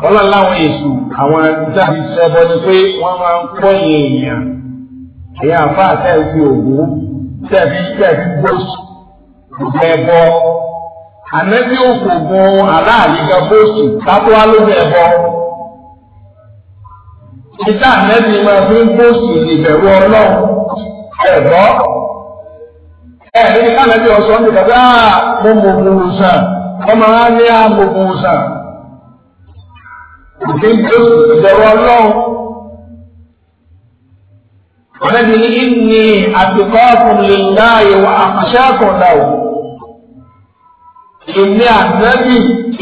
wọ́n lọ láwọn èṣù àwọn dábì sẹ́bọ̀ ni pé wọ́n máa ń kọ́ èèyàn èèyàn àfa àtẹ̀sí ògún tẹ̀bí tẹ̀bí gbóṣù gbẹ̀bọ̀ ànẹ́bí òkùnkùn aláàlí gan gbóṣù tábọ́ alóbi ẹ̀bọ. ìta ànẹ́bí máa fi ń gbóṣù ìbẹ̀rù ọlọ́run ẹ̀bọ́ ẹ̀ẹ́dẹ́gbẹ́ ànẹ́bí ọ̀sán ti kàdá mọ́mọ́ mú ọmọ wa ní agbègbè òòsà òfin tó ìdẹ̀rọ ọlọ́run ọ̀rẹ́bí ní ìní àtìkọ́kùn lè láàyè wà àkàṣẹ́kùn náà èmi ànábì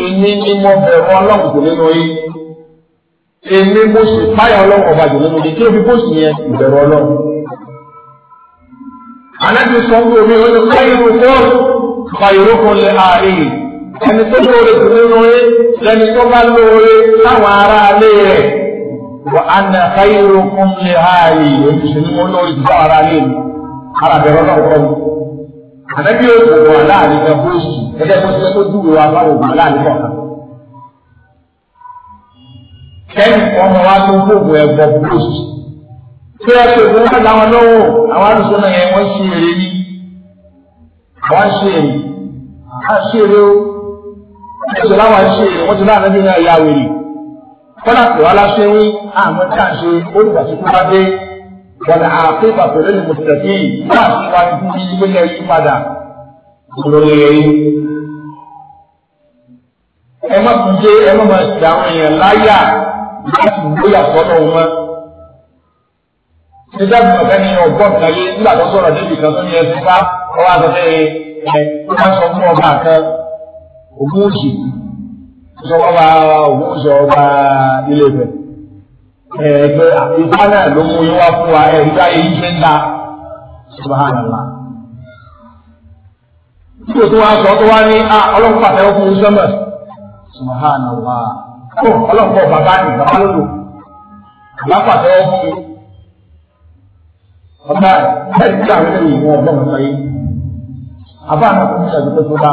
èmi ni mo bẹ̀rù ọlọ́run kò nínú yìí èmi mo sì páyà ọlọ́run ọba jù nínú yìí kí ebi bóṣì yẹn ìbẹ̀rù ọlọ́run. ànábì sọ fún mi ó ní káyọ̀ kó káyọ̀ kó lè àárín ẹni tó lóore jù nínú rẹ lẹni tó bá lóore láwọn ará alé rẹ wà á nà káyọrọ fún mi háàyè oṣù ní wọn lóore jù láwọn ará alé mi ara bẹ̀rẹ̀ náà kọ́ mi. ànábì yóò tó wà láàrin ẹ bóòsù gẹ́gẹ́ bó ṣe tó dúró wa bá wògbà láàrin kọ̀ọ̀kan. kẹ́yìn ọmọ wa tó gbóògùn ẹ̀ bọ̀ bóòsù tí wọ́n ṣe òkú wọn láwọn lọ́wọ́ àwọn àdùsọ náà yẹn wọ́n ṣe èrè ní àwọn ṣe èrè àwọn ṣe èrè o ẹ̀sọ̀ láwọn ń wọ́n ti náà lẹ́bí náà ya wèrè kọ́lá pè wá láṣẹ wí àmọ́ tí a ṣe ó dìgbà tí bá dé wọn à pé pàtó lónìí mo tẹ̀ sí wá sí wa ikú bí ilé yẹn yí padà lórí ẹ̀yìn. ẹ má kú dé ẹ má máa ṣe àwọn èèyàn láyà láti gbóyà sọ́nà wọn. ṣé dábìlì ọ̀fẹ́ ni ọgbọ́n kan yé nígbà tó sọ̀rọ̀ débi kan tó ní ògún òsì sọpọpọ ọba ilé Ifẹ̀ ẹgbẹ́ ìfá náà ló mú yín fún wa ẹ ìgbà ṣe ń ta subahánàlá. Tí o tó wá sọ tó wá ní ah, ọlọ́run pàtẹ ọkùn sọ́mà subahánàlá. Ó ọlọ́run pọ̀ bàbá ní bàbá lòlò. Bàbá pàtẹ ọkùn ọba ẹ̀ ẹ̀ ti àwọn ènìyàn ọgbọ́n ọ̀sán yìí. Àbá àná kò ní sàdúgbò tó bá.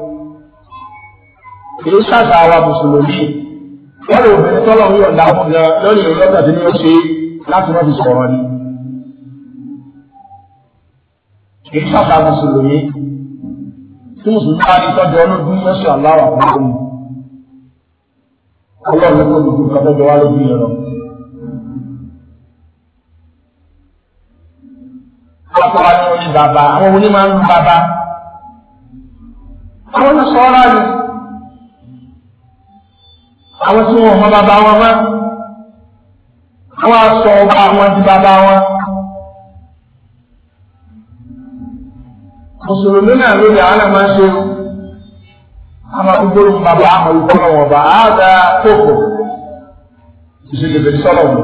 kìí ṣàṣà wa mùsùlùmí wọ́n lè obìnrin tọ́lọ̀ ń yọ̀ǹda ọkùnrin lórí ìlú ọ̀gá tí ní ó ṣe láti wọ́n fi sọ̀rọ̀ ni. kìí ṣàṣà mùsùlùmí tí mùsùlùmí bá ní tọ́jú ọlọ́dún mẹ́sàn án láwà fún mi. ọlọ́run ló gbogbo nǹkan tó jọ wá lójú yẹn lọ. ọ̀pọ̀ àwọn oní bàbá àwọn oní máa ń lu bàbá. àwọn sọ̀rọ̀ ni. àwọn tí wọn mọ bàbá wọn mọ wọn á sọ ọba wọn di bàbá wọn. mùsùlùmí náà lórí àwọn náà ṣe àmà gbogbo bàbá àmà ìkọlọ wọn bá a da kókò ìṣèjìbìrì sọlọ mu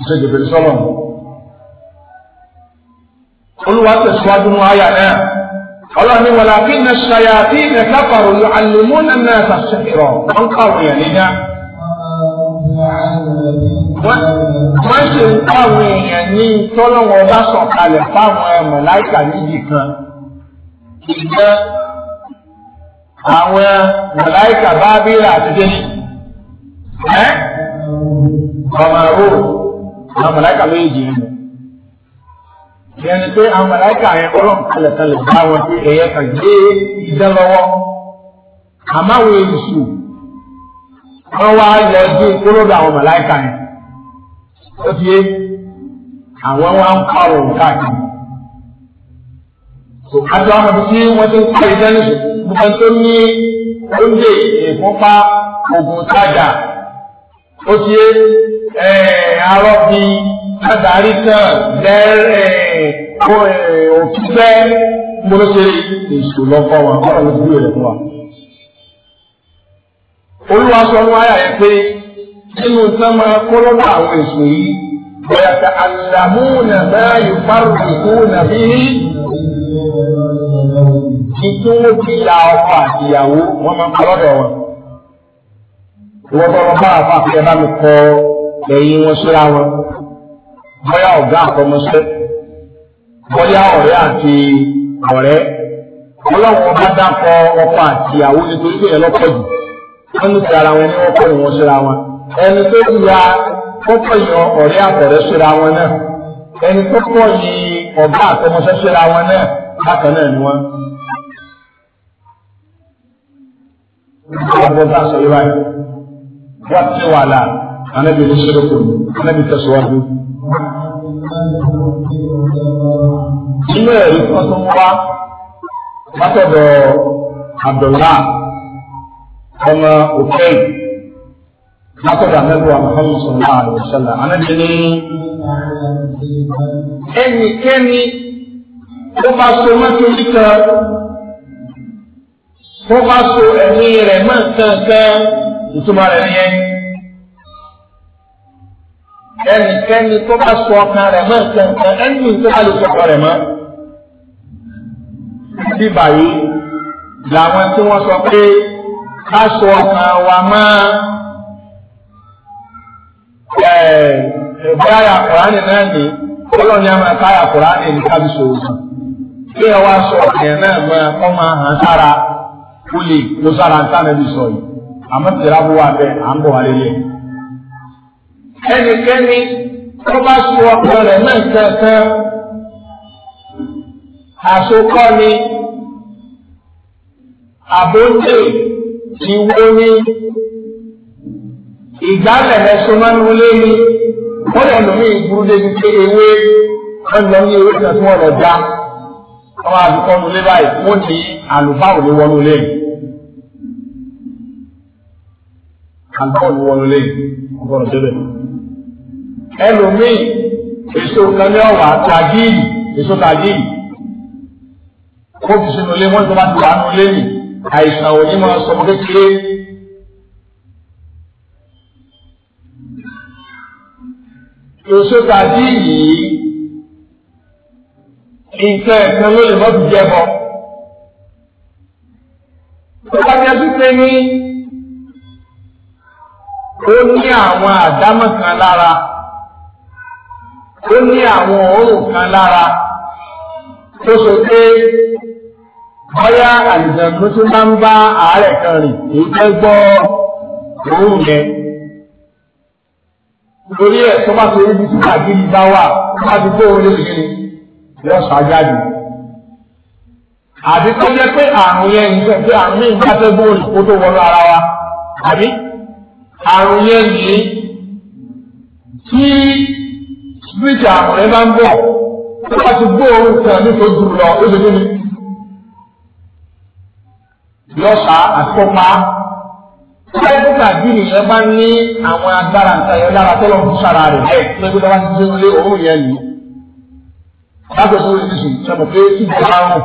ìṣèjìbìrì sọlọ mu olùwà tẹsíwájú nù ọlọ́ni wàlá kí na ṣayàtí na kápárò ní àlùmọ́ náà náà ṣàṣẹ̀rọ̀ wọ́n kàwé yẹn níjà. wọ́n ṣe ń kàwé yẹn ní tọ́lọ́wọ́ bá sọ̀kalẹ̀ fáwọn ẹ̀mọ̀ láìka níbì kan. ìgbà àwọn mọ̀láìka bábílà àti jésù. ọmọ ẹ̀rọ àwọn mọ̀láìka méjì yìí ìyẹn ni pé àwọn màláìkà yẹn kọ́lọ̀ kalẹ̀kalẹ̀ bá wọn sí ẹ̀yẹ kan gbé idán lọ́wọ́ àmọ́ àwọn èṣù wọ́n wá yọ ojú kólódà àwọn màláìkà yẹn ó ti yé àwọn wá ń pààrọ̀ káàkiri àti àwọn ọmọdé tí wọ́n ti ń pa idán nìṣó nǹkan tó ní oúnjẹ ìfúnpá oògùn tájà ó ti yé ẹ̀ẹ́d arọ́ bíi látàrí náà lẹ́rẹ̀ òfìfẹ́ mọ́lọ́sẹ̀ èso lọ́kọ́ wa kọ́ àwọn ìdúró rẹ̀ fún wa. olúwa sọ wọn ayà yẹn pé nínú sọ máa kọ́ lọ́wọ́ àwọn èso yìí bọ̀yàtà àlàmúnà máa yóò fárò ìkú nàbí ìdúró bíyà ọkọ àtìyàwó wọn máa kọ́ lọ́dọ̀ wọn. wọ́n bọ́ wọn bá àfa àfihàn bá mi kọ́ ẹ̀yìn wọn síra wọn bóyá ọ̀gá àtọmọṣẹ́ bóyá ọ̀rẹ́ àti ọ̀rẹ́ ọlọ́run bá dákọ̀ ọkọ àti ìyàwó nítorí pé ẹlọ́pọ̀ jù wọ́n ní ti ara wọn ní wọ́n kọ́ ni wọ́n ṣera wọn ẹni tó ń ya kọ́kọ́ yan ọ̀rẹ́ àtọ̀rẹ́ ṣera wọn náà ẹni tó pọ̀ ní ọ̀gá àtọmọṣẹ́ ṣera wọn náà bákan náà ni wọ́n. Ìjọba bá sọ yìí báyìí, wọ́n ti wà láà, ànábi ní ṣẹ́rẹ́kùn, ànábi tẹ̀síwájú. Inú ẹ̀rí tí wọ́n tún wá látọ̀dọ̀ Abdullah ọmọ Òkèèrè látọ̀dọ̀ Amẹ́lúwa Muhammad Sallallahu Alaihi Wasallam. Anábì ní ẹnikẹ́ni tó bá so mọ́tò níta tó bá so ẹ̀mí rẹ̀ mọ́ kankan ìtumọ̀ rẹ̀ nìyẹn. ẹnikẹ́ni tó bá sọ ọkàn rẹ̀ mọ́ nǹkan ẹni tó bá lè sọ ọkàn rẹ̀ mọ́. bí báyìí làwọn tí wọ́n sọ pé ká sọ ọkàn wa mọ́ ẹ̀ẹ́dẹ́ náà ni ọlọ́run máa ká sọ náà mọ́ máa hàn sára kó sára ń sọ yìí àmọ́ tẹ̀lé bẹ́ẹ̀ ẹnikẹ́ni tó bá so ọkọ rẹ̀ náà kankan àsokọ́ ni àbótè ìwo ni ìgbálẹ̀ rẹ̀ sọmánú léyìn wọ́n lè lómi ìgbúrú débi pé ewé wọ́n lọ ní ewé kan tí wọ́n lọ já àwọn àdúgbò nulẹ̀ báyìí wọ́n di àlùfáà òní wọnú léyìn. àlùfáà òní wọnú léyìn ọgbọ́n ọ̀dẹ́bẹ̀ ẹlòmíì èso kan ní ọ̀wà tàgíìlì èso tàgíìlì kó fi sínú ilé wọn tó bá ti wà nù lẹ́yìn àìsàn òní máa sọmọ kékeré. èso tàgíìlì yìí nǹkan ẹ̀kan ló lè mọ́tò jẹ́ bọ́. tó bá jẹ́ pípé ní ó ní àwọn àdámọ̀ kan lára ó ní àwọn òórùn kan lára tó so pé bóyá àlùjànnú tó máa ń bá àárẹ̀ kan rìn èyí fẹ́ gbọ́ òórùn yẹn. Nítorí ẹ̀ tó bá torí ibi tí àgírí bá wà wọ́n ti kó orí mi wọ́n ṣàjáde. Àbí tó jẹ́ pé àrùn yẹn ń jẹ́ pé àrùn yẹn ń jáde bóòlù kó tó wọnú ara wa. Àbí àrùn yẹn yìí tí síríkì àrùn rẹ bá ń bọ̀ tó bá ti gbọ́ ohun kan nítorí jù lọ ó ṣe kí ni. yọ̀ọ̀sà àtọ́pá tẹ́gbà bí nìyẹn bá ní àwọn agbára nǹkan yẹn lára tọ́lọ̀ ń sára rẹ̀ bẹ́ẹ̀ tó ẹgbẹ́ bá ti dé lé òun yẹn nìyí. láti ọ̀sán orí sísun sẹ́mu pé tí ìjọba àrùn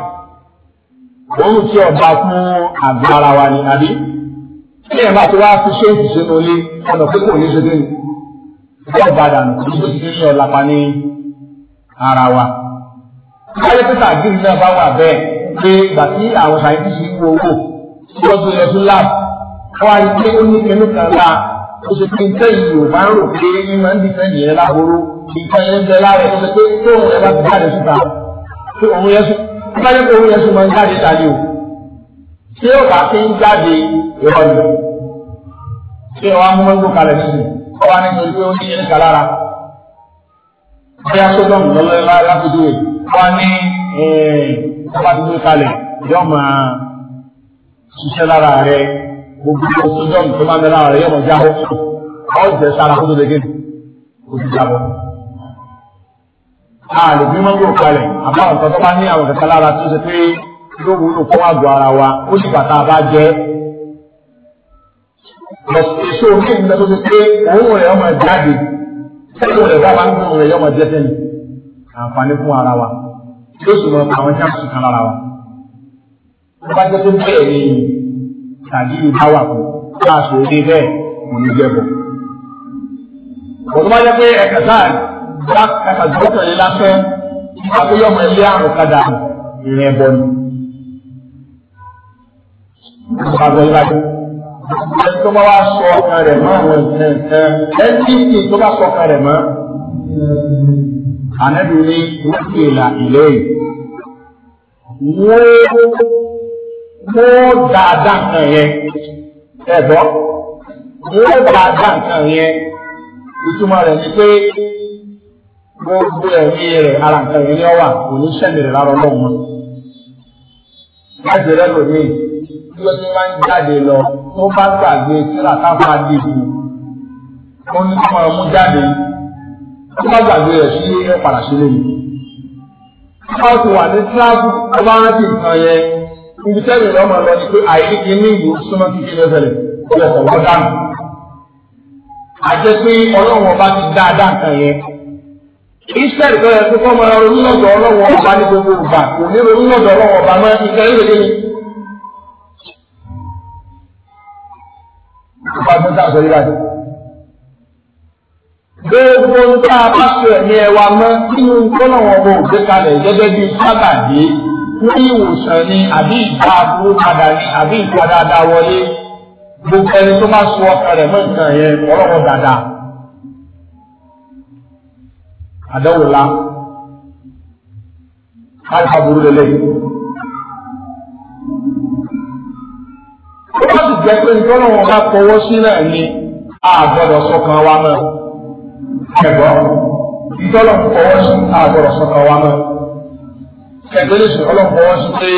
òun tí ọba fún àgbára wa ni àbí. kí ẹ̀ bá ti wá fi ṣéǹtì sínú ilé ọ̀nà pé kò ní ṣe dé ni ìjọba ìbàdàn ìṣe ọ̀làpá ní ara wa. Báyọ̀ pípa àgbèrè náà bá wà bẹ́ẹ̀ pé ìgbà tí àwọn sàyẹ́ntìsì ń wo owó tí wọ́n tún lọ sí láàbù. Wọ́n á rí pé ó ní ẹnu kan láà ó ṣe pé nǹkan yìí ò bá ń rò pé ní máa ń di fẹ́ yẹn láboró nǹkan yẹn bẹ láàrẹ̀ ó ṣe pé tó òun yẹn bá ti jáde síta tó òun yẹn sùn báyọ̀ òun yẹn sùn máa ń jáde tàbí o. Ṣé ọ̀gá fi ń jáde ìrọ̀lù? Ṣé ọ̀gá ọwọ́ nítorí pé ó ní ẹ̀ka lára bóyá sódọ̀mù lọ́lọ́lá lákòókò rẹ̀ wá ní ọba tó gbé kalẹ̀ yóò máa ṣiṣẹ́ lára rẹ̀ gbogbo sódọ̀mù tó máa ń bẹ lára rẹ̀ yóò máa jáwọ́ ọ̀ jẹ́ sára kó tó dé gẹ́gẹ́ kó tó jáwọ́ ààrẹ bí wọ́n yóò kalẹ̀ àbá ọ̀tọ̀ tó bá ní àwọn kẹ̀kẹ́ lára tó ṣe pé yóò wúlò fún àgọ́ ara wa ó sì bàtà bá jẹ́ èso mi ń lọ́dún pé òun rẹ̀ ọmọ jáde sẹ́yìn rẹ̀ wá wá ń gbọ́n rẹ̀ yọmọ jẹ́ sẹ́yìn àǹfààní fún ara wa yóò sì mọ àwọn jáàmù kan lára wa. wọ́n bá jẹ́ pé bẹ́ẹ̀ ni tàbí ìbá wà fún káàsì òde bẹ́ẹ̀ kò ní jẹ́ bọ̀. wọ́n tó bá jẹ́ pé ẹ̀ka sáà bá kàkà dọ́kítà yẹn lásán nípa pé yọmọ ilé àrùn kadà ìrìn ẹ̀bọ ni ẹni tó bá wá sọ ọkàn rẹ̀ mọ́ àwọn ẹ̀ẹ́dẹ́ ẹni tó bá sọ ọkàn rẹ̀ mọ́ ànẹ́bí ní wọ́pẹ̀lá ilé wọ́n wọ́n dáadáa nǹkan yẹn ẹ̀dọ́ wọ́n dáadáa nǹkan yẹn ìtumọ̀ rẹ̀ ni pé gbogbo ẹ̀mí rẹ̀ ara nǹkan yẹn yọ wà kò ní sẹ́mi rẹ̀ lára ọlọ́run. láti rẹ́ lòmíì bí ó ti máa ń jáde lọ tó bá gbàgbé tíra káfá lè fún ní kí wọ́n mú jáde tó bá gbàgbé rẹ̀ sí ẹ sílé mi. wọ́n ti wà ní tíráàbù tó bá rántí nǹkan yẹn níbi tẹ́lẹ̀ lọ́mọ lọ ni pé àìríkì ní ìlú súnmọ́ kíkí lọ́sẹ̀lẹ̀ ó lọ sọ̀rọ̀ dànù. àjẹ́ pé ọlọ́run ọba ti dáadáa nǹkan yẹn. Israẹli kọ́ máa ronú lọ́dọ̀ ọlọ́run ọba ní gbogbo ìgbà kò ní ronú lọ́dọ̀ ọlọ́run ọba mọ́ ìkẹyìn lè nípa tó ń tà sọ yíra yìí. Gbogbo ń tá a bá sọ ẹ̀mí ẹ wa mọ́ nínú kọ́lọ̀wọ̀n wo òde kalẹ̀ gẹ́gẹ́ bí sábàdé fún ìwòsàn ni àbí ìgbà àbúrò padà ni àbí ìgbà dáadáa wọlé. Gbogbo ẹni tó bá sọ ọkàn rẹ̀ mọ́ nǹkan yẹn ọlọ́wọ́ dáadáa. Àdáwò la, ká ló bá ó bá sì jẹ́ pé nítorí wọn bá fọwọ́ sí náà ni a gbọ́dọ̀ sọkàn wa mọ́ ẹ̀gbọ́ nítorí wọn fọwọ́ sí a gbọ́dọ̀ sọkàn wa mọ́ ẹ̀gbẹ́ lè sọ ọlọ́run fọwọ́ sí pé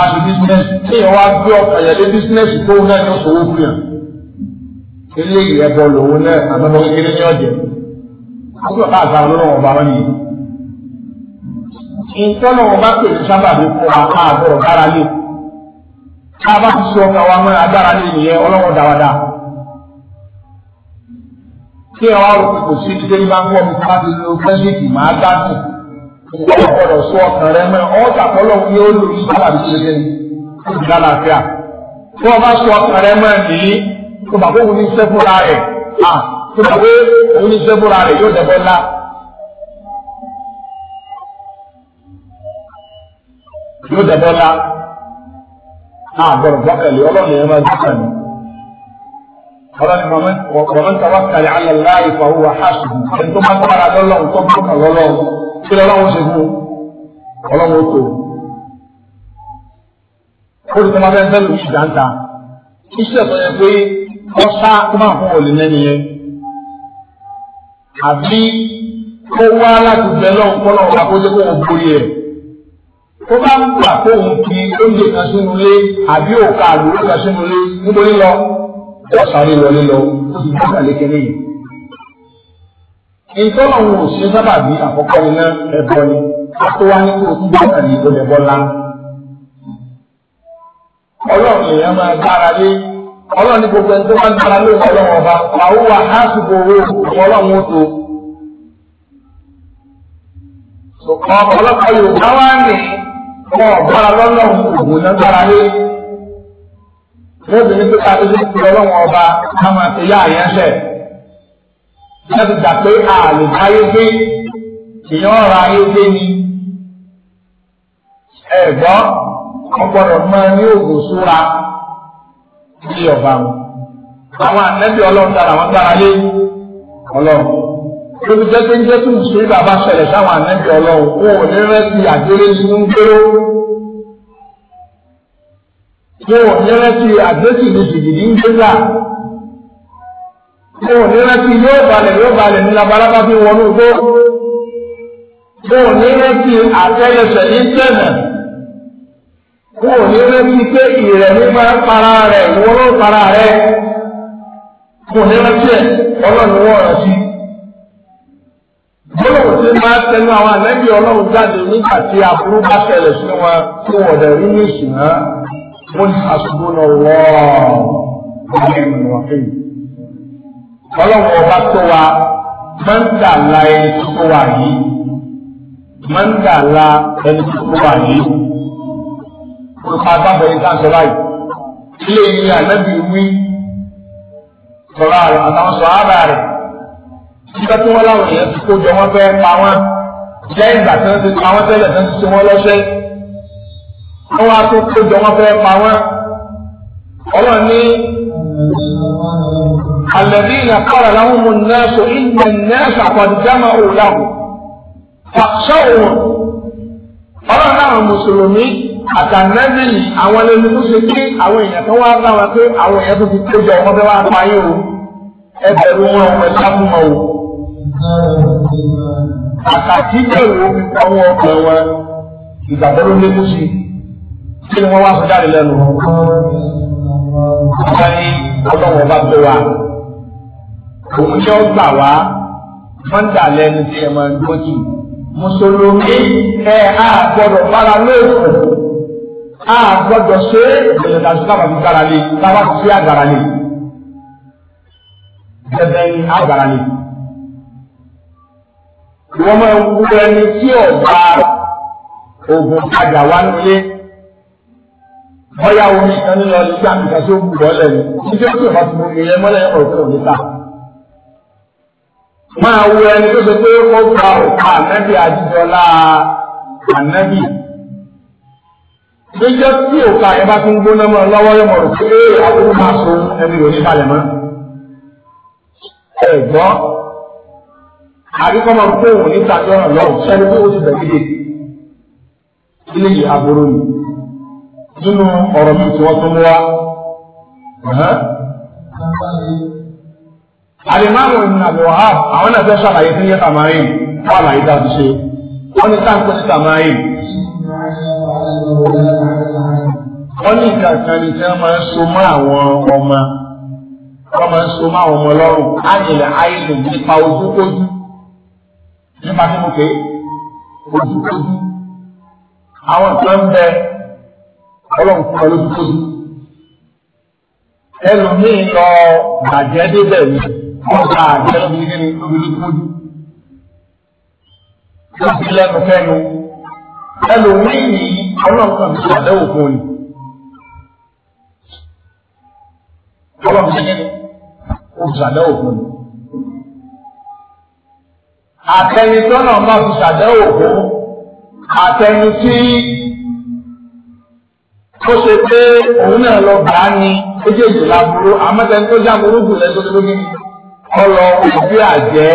a ṣe bísínẹ́sì kéèyàn wá gbé ọkàn yẹn lé bísínẹ́sì tó náà ní oṣù owó fún yàn eléyìí ẹ̀bọ lòun náà àmọ́bọ kékeré ní ọ̀jẹ̀ àti ọ̀ká àgbà ọlọ́run ọba wọn yìí tá a bá ti sọ ọkàn wa mọ́ agbára ní ìyẹn ọlọ́wọ́ dáadáa. kí ẹ wá rògbò kò sí ilé máa ń wọ̀ mí ká ti lo fẹ́síìkì máa gbádùn ìgbà ọ̀pọ̀lọ̀ sọ ọkàn rẹ mọ́ ọ́ tàkọ́lọ́ ní ó lò ní sábàbí kékeré ní ìdílé àlàáfíà. tí wọ́n bá sọ ọkàn rẹ mọ́ nìyí tó bá kó wọn ní sẹ́fúnra rẹ̀ à tó bá kó wọn ní sẹ́fúnra rẹ̀ yóò dẹ̀bẹ̀ ńlá. yóò dẹ̀bẹ̀ ńlá àgbọ̀rọ̀ ah, gbọ́kànlé ọlọ́run yẹn máa gbọ́kànlé. ọlọ́run mọ̀mọ́ tọwọ́ kàlẹ́ alẹ́ láì fọ owó àṣù ẹni tó bá gbára lọ́lọ́run tó gbọ́kàn lọ́lọ́run kí lọ́lọ́run ṣe fún ọlọ́run tó. ó ti tọ́mọ fẹ́ẹ́ lù sí dáńtà iṣẹ́ tó yẹ pé wọ́n sá kó máa fún òlì lẹ́nu yẹn. àbí kó wá láti bẹ̀ lọ́run kọ́ lọ́run àkójọ kó wọ́n borí ẹ̀ tó bá ń gbà kó òun fi oúnjẹ kan sínú ilé àbí òkà àlùkò kan sínú ilé níbo lílọ ó sáré wọlé lọ ó sì gbọ́dọ̀ lé kẹ́lẹ́ yìí. nǹkan àwọn òṣìṣẹ́ sábà bí àkọ́kọ́ iná ẹ̀bọ ni tó wá ní kó gbọ́dọ̀ ní ìgbọ̀lẹ̀bọ̀ lá. ọlọ́run èèyàn máa gbára lé ọlọ́run ní gbogbo ẹni tó bá ń gbára lé ọlọ́run ọba àwọn wa á sùgbọ́ owó ọlọ́run ó tó. ọ̀pọ̀lọpọ̀ yorùbá wá ń wọn ọ̀gbára lọ́nà ògùn lágbára lé lóbìnrin tó ilé ti ọlọ́wọ́n ọba ká máa fi yá àyẹ́sẹ̀ láti gbà pé ààlè báyé pé èèyàn ọ̀rọ̀ ayé pé ni ẹ̀gbọ́n ọgbọ́dọ̀ máa ní ògùn súra ní ọba àwọn ànẹ́bí ọlọ́run dára wọn dára lé ọlọ́run lóbi jẹ́ pé jẹ́ tó sùn nígbà bá ṣẹlẹ̀ sáwọn ànábì ọlọ́run kó o ní rẹ́sì àdéhùn inú gbéró kó o ní rẹ́sì àdéhùn ní sìgìdì ń gbéra kó o ní rẹ́sì yóò balẹ̀ yóò balẹ̀ ní labalábá fi wọnú gbó kó o ní rẹ́sì àtẹ́lẹsẹ̀ ní tẹ̀nà kó o ní rẹ́sì pé ìrẹ̀mí máa para rẹ̀ ìwọ́n ló para rẹ̀ kó o ní rẹ́sì ọlọ́run wọ̀ ọ̀rọ̀ sí i gbọ́dọ̀ tí máa tẹnu àwọn ànábì ọlọ́run jáde nígbà tí aburú bá ṣẹlẹ̀ sí wọn tí wọ́n dẹ̀ rí ní ìṣúná mo ní àṣùgbò náà wọ́ọ̀ọ́ ọlọ́run ọba tó wa máa ń dà la ẹni tó wà yìí máa ń dà la ẹni tó wà yìí olùkọ́ àtàbọ̀ yìí ká sọ báyìí ilé yìí ànábì wí sọ̀rọ̀ àtàwọn sọ̀rọ̀ àbá rẹ̀ nígbà tí wọ́n láwọn èèyàn ti kójọ wọ́n fẹ́ pa wọ́n lẹ́yìn ìgbà tí wọ́n ti pa wọ́n tẹ́lẹ̀ tí wọ́n ti ṣe wọ́n lọ́ṣẹ́ wá tó kójọ wọ́n fẹ́ pa wọ́n ọlọ́run ní alẹ́bí ìyàkọ́ra láwọn ọmọ náà sọ ìyẹn náà sàkọ́dìjámà òòláwò fàṣọ òun ọlọ́run náà mùsùlùmí àtànẹ́bì àwọn ẹlẹ́nu ṣe pé àwọn èèyàn tó wá bá wọn pé àwọn èèyàn tó ti kójọ wọn fẹ́ wá pa yín o ẹ wọn ẹ sábùmọ̀ o àkàtì bẹ̀rù àwọn ọkọ̀ wọn ìgbàgbọ́ ló lékún sí kí ni wọ́n wá sọ jáde lẹ́nu. Ọba ní ọlọ́wọ́ bá gbé wa. Òun tí ó gbà wá fọ́ńdà lẹ́nu tí ẹ máa ń gbójì. Mùsùlùmí ẹ á gbọ́dọ̀ fara lóòkùn. Á gbọ́dọ̀ ṣe ìrìn àjò kábà fi gbára lé, kábà fi àgbára lé. Dẹ̀dẹ̀ ni àgbára lé wọ́n máa ń wú ẹni tí ọ̀gá oògùn padà wá nílé bọ́yá omi kan nínú ọdún tí àmì kan tó wù ọ́ lẹ́nu títí ó sì máa fi omi yẹn mọ́lẹ̀ ọ̀tún òní ta. máa wú ẹni tó ṣe pé ó gba òkà ànábì àdìjọlá ànábì. Gbéjọ́ tí òkà yẹn bá tún gbóná mọ́ lọ́wọ́ yẹn mọ̀ rò pé àbúrò máa so ẹni òní balẹ̀ mọ́. Ẹ̀gbọ́n àríkọ́ máa gbé òun níta lọ́rùn lọ́rùn sẹ́ni pé ó ti bẹ̀gídè ilé yìí aburú ni nínú ọ̀rọ̀ mi tí wọ́n tún wá. Àlìmáàmù ìrìn àbò wàhá àwọn náà fẹ́ ṣàlàyé fún yẹ́ta máa yìn fún àlàyé tá a ti ṣe. Wọ́n ní táǹkì síta máa yìn. Wọ́n ní ìka kan ní tí wọ́n máa ń so mọ́ àwọn ọmọ. Wọ́n máa ń so mọ́ àwọn ọmọ lọ́rùn. Á nílẹ̀ àìsàn nípa ojúkójú nípa tí mo pè é ojúkójú àwọn nǹkan ń bẹ ọlọ́run fún ọ lójúkójú ẹlòmíín lọ bàjẹ́ débẹ̀ ni wọ́n gba àjẹ́ omi nínú omi lójúkójú yóò fi lẹ́nu fẹ́nu ẹlòmíín yìí ọlọ́run kan fi àdéhùn fún ni. ọlọ́run ṣe kí ni ó fi àdéhùn fún ni àtẹnitọ́nà máa fi ṣàdẹ́wò fún àtẹnití ó ṣe pé òun náà lọ bàá ni méjèèjì láburú amẹ́tẹ́ni tó jáburú jù lẹ́tọ́ tó lóyún ọlọ òbí àjẹ́